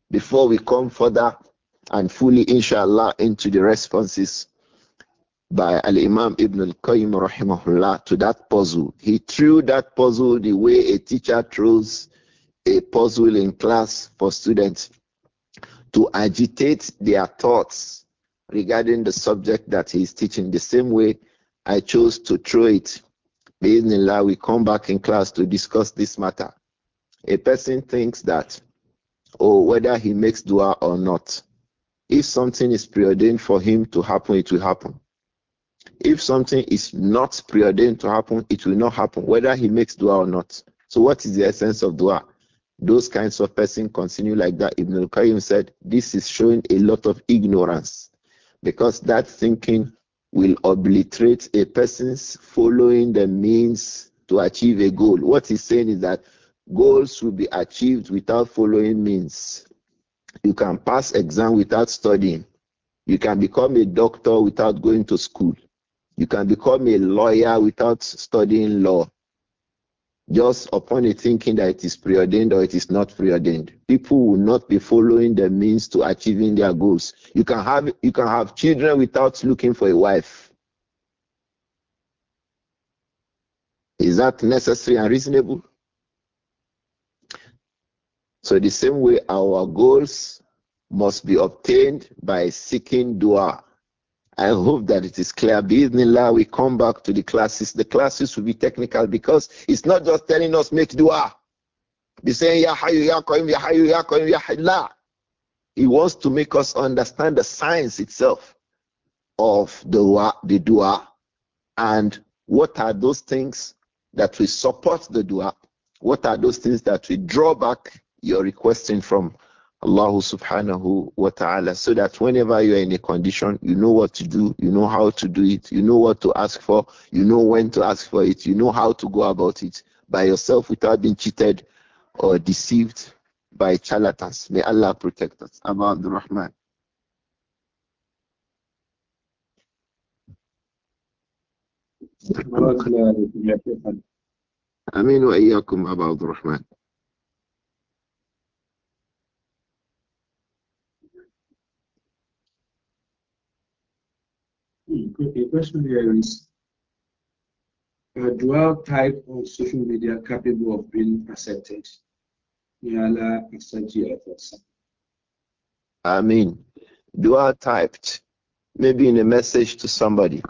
before we come further and fully, inshallah, into the responses by Al Imam Ibn Al Qayyim rahimahullah to that puzzle. He threw that puzzle the way a teacher throws a puzzle in class for students to agitate their thoughts regarding the subject that he is teaching. The same way I chose to throw it. Bismillah, we come back in class to discuss this matter. A person thinks that, oh, whether he makes dua or not, if something is preordained for him to happen, it will happen. If something is not preordained to happen, it will not happen, whether he makes dua or not. So, what is the essence of dua? Those kinds of person continue like that. Ibn al-Qayyim said, this is showing a lot of ignorance because that thinking will obliterate a person's following the means to achieve a goal. What he's saying is that goals will be achieved without following means. You can pass exam without studying. You can become a doctor without going to school. You can become a lawyer without studying law just upon a thinking that it is preordained or it is not preordained. People will not be following the means to achieving their goals. You can have you can have children without looking for a wife. Is that necessary and reasonable? So the same way our goals must be obtained by seeking dua. I hope that it is clear. Bismillah, we come back to the classes. The classes will be technical because it's not just telling us make dua. Be saying ya hayu ya qayyum ya hayu ya qayyum ya hayla. He wants to make us understand the science itself of the dua, the dua and what are those things that will support the dua? What are those things that will draw back your requesting from Allah subhanahu wa ta'ala, so that whenever you are in a condition, you know what to do, you know how to do it, you know what to ask for, you know when to ask for it, you know how to go about it by yourself without being cheated or deceived by charlatans. May Allah protect us. About the Rahman. امين واياكم ابا عبد rahman questionnaires are dual type on social media capable of being accepted. May I mean, dual typed, maybe in a message to somebody.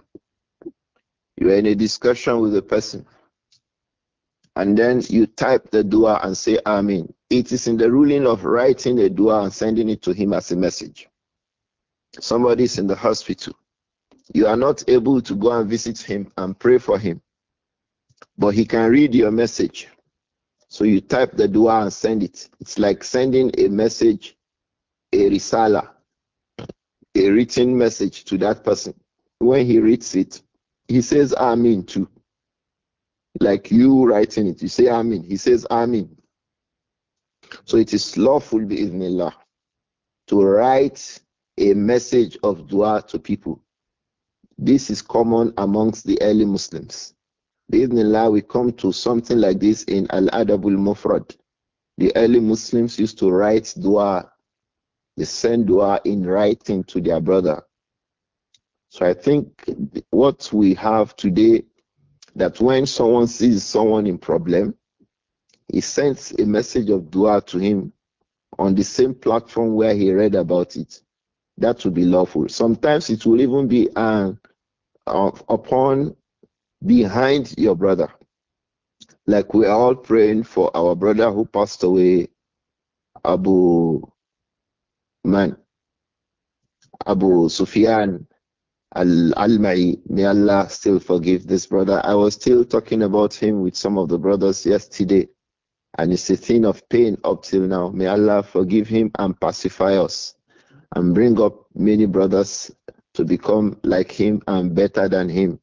You're in a discussion with a person, and then you type the dua and say Amin. It is in the ruling of writing a dua and sending it to him as a message. Somebody is in the hospital. You are not able to go and visit him and pray for him, but he can read your message. So you type the dua and send it. It's like sending a message, a risala, a written message to that person. When he reads it, he says Amin too. Like you writing it, you say Amin. He says Amin. So it is lawful bi'idhnillah to write a message of dua to people. This is common amongst the early Muslims. Bismillah, we come to something like this in Al Adabul Mufrad. The early Muslims used to write dua, they send dua in writing to their brother. So I think what we have today that when someone sees someone in problem, he sends a message of dua to him on the same platform where he read about it that will be lawful. Sometimes it will even be uh, upon behind your brother. Like we are all praying for our brother who passed away, Abu Man, Abu Sufyan Al Almai. May Allah still forgive this brother. I was still talking about him with some of the brothers yesterday, and it's a thing of pain up till now. May Allah forgive him and pacify us and bring up many brothers to become like him and better than him.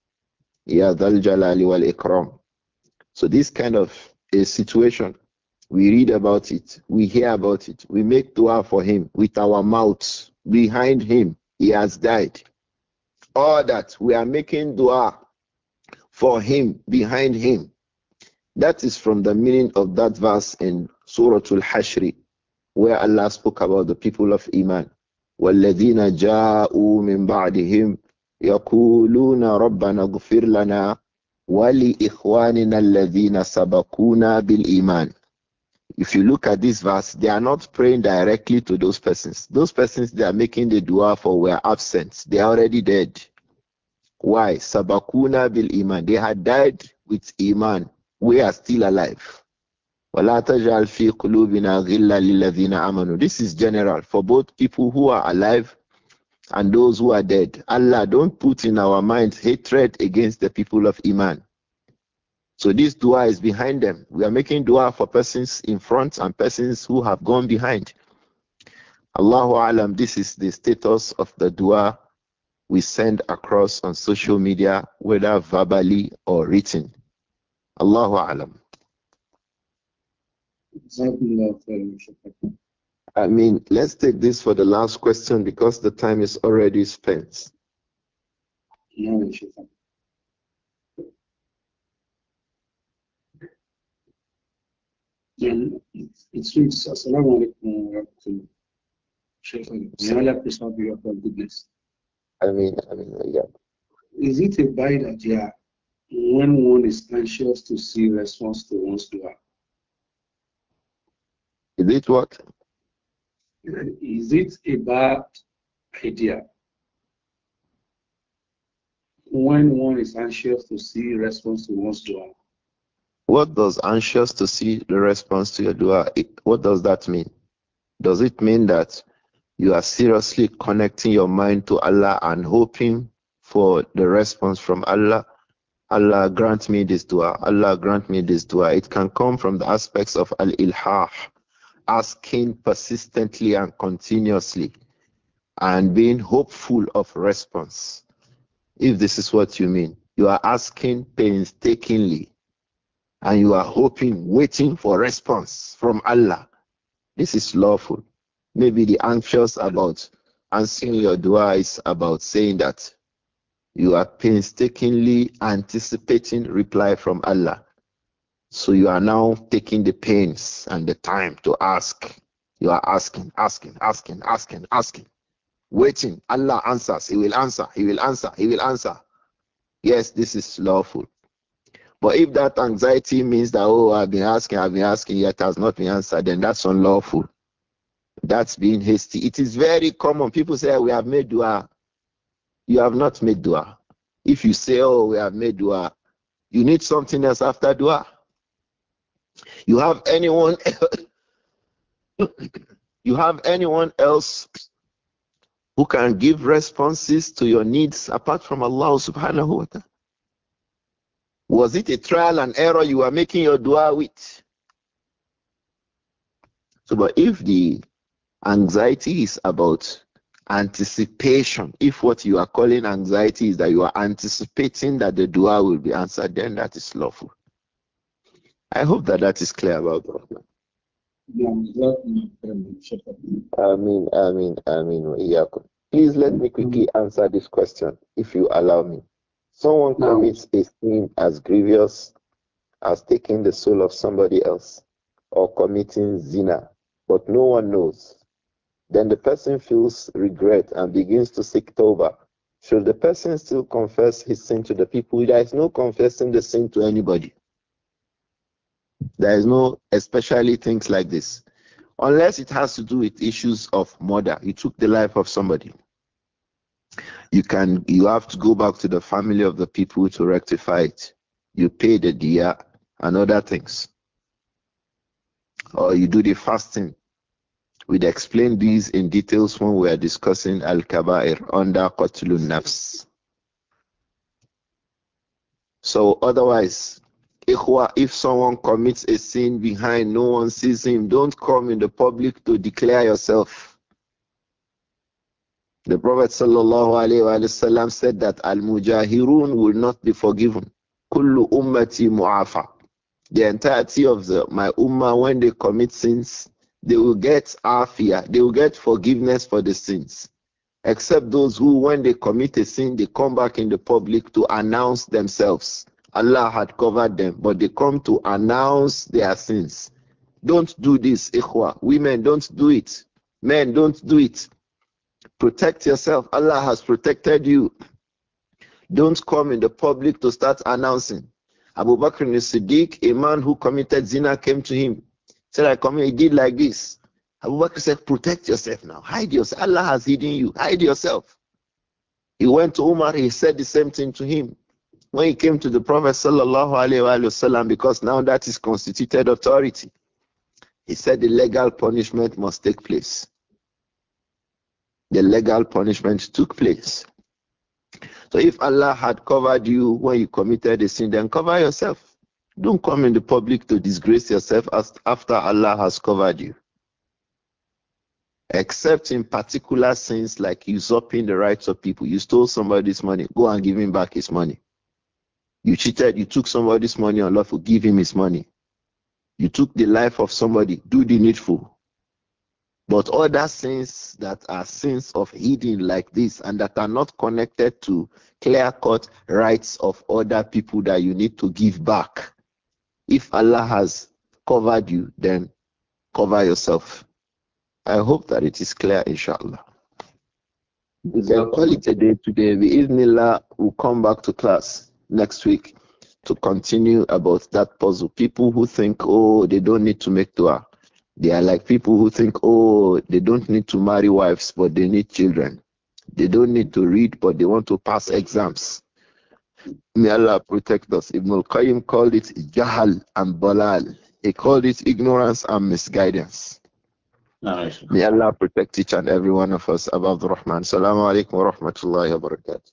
Ya Dhal Jalali wal So this kind of a situation, we read about it, we hear about it, we make dua for him with our mouths behind him. He has died. All that we are making dua for him behind him. That is from the meaning of that verse in Surah Al Hashri, where Allah spoke about the people of Iman. والذين جاءوا من بعدهم يقولون ربنا اغفر لنا ولإخواننا الذين سبقونا بالإيمان if you look at this verse, they are not praying directly to those persons. Those persons they are making the dua for were absent. They are already dead. Why? Sabakuna bil iman. They had died with iman. We are still alive. وَلَا تَجْعَلْ فِي قُلُوبِنَا غِلًّا لِلَّذِينَ آمَنُوا This is general for both people who are alive and those who are dead. Allah, don't put in our minds hatred against the people of Iman. So this dua is behind them. We are making dua for persons in front and persons who have gone behind. Allahu Alam, this is the status of the dua we send across on social media, whether verbally or written. Allahu Alam. I mean, let's take this for the last question because the time is already spent. Then it reads Assalamu alaikum wa goodness. I mean, I mean, yeah. Is it a bad idea when one is anxious to see response to one's dua? Is it what? Is it a bad idea when one is anxious to see response to one's dua? What does anxious to see the response to your dua? what does that mean? Does it mean that you are seriously connecting your mind to Allah and hoping for the response from Allah? Allah grant me this dua. Allah grant me this dua. It can come from the aspects of al-ilhah, asking persistently and continuously and being hopeful of response. If this is what you mean, you are asking painstakingly and you are hoping, waiting for response from Allah. This is lawful. Maybe the anxious about answering your dua is about saying that you are painstakingly anticipating reply from Allah. So you are now taking the pains and the time to ask. You are asking, asking, asking, asking, asking, waiting. Allah answers. He will answer. He will answer. He will answer. Yes, this is lawful. But if that anxiety means that, oh, I've been asking, I've been asking, yet has not been answered, then that's unlawful. That's being hasty. It is very common. People say, we have made dua. You have not made dua. If you say, oh, we have made dua, you need something else after dua. You have anyone you have anyone else who can give responses to your needs apart from Allah subhanahu wa ta'ala? Was it a trial and error you were making your dua with? So, but if the anxiety is about anticipation, if what you are calling anxiety is that you are anticipating that the dua will be answered, then that is lawful. I hope that that is clear about that. problem. I mean, I mean, I mean, Please let me quickly answer this question, if you allow me. Someone commits a sin as grievous as taking the soul of somebody else or committing zina, but no one knows. Then the person feels regret and begins to seek Toba. Should the person still confess his sin to the people? There is no confessing the sin to anybody. There is no, especially things like this, unless it has to do with issues of murder. You took the life of somebody. You can, you have to go back to the family of the people to rectify it. You pay the dia and other things, or you do the fasting. We'd explain these in details when we are discussing al kabair under qatlun nafs. So otherwise, if someone commits a sin behind, no one sees him, don't come in the public to declare yourself. The Prophet ﷺ said that Al Mujahirun will not be forgiven. Kullu ummati mu'afa. The entirety of the, my ummah, when they commit sins, they will get afia, they will get forgiveness for the sins. Except those who, when they commit a sin, they come back in the public to announce themselves. Allah had covered them, but they come to announce their sins. Don't do this, ikhwa. Women, don't do it. Men, don't do it. Protect yourself. Allah has protected you. Don't come in the public to start announcing. Abu Bakr al-Siddiq, a man who committed zina, came to him. Said, I come here." he did like this. Abu Bakr said, protect yourself now. Hide yourself. Allah has hidden you. Hide yourself. He went to Umar, he said the same thing to him when he came to the Prophet sallallahu alaihi wasallam, because now that is constituted authority, he said the legal punishment must take place. The legal punishment took place. So if Allah had covered you when you committed a sin, then cover yourself. Don't come in the public to disgrace yourself after Allah has covered you. Except in particular sins like usurping the rights of people. You stole somebody's money, go and give him back his money. You cheated, you took somebody's money unlawful, give him his money. You took the life of somebody, do the needful. But other sins that are sins of hiding like this and that are not connected to clear cut rights of other people that you need to give back. If Allah has covered you, then cover yourself. I hope that it is clear, inshallah. We'll day today. Bismillah, we'll come back to class next week to continue about that puzzle. People who think, oh, they don't need to make dua. They are like people who think, oh, they don't need to marry wives, but they need children. They don't need to read, but they want to pass exams. May Allah protect us. Ibn al Qayyim called it Jahal and Balal. He called it ignorance and misguidance. Nice. May Allah protect each and every one of us. Above the Rahman. Salaamu Alaikum wa Rahmatullahi wa Barakatuh.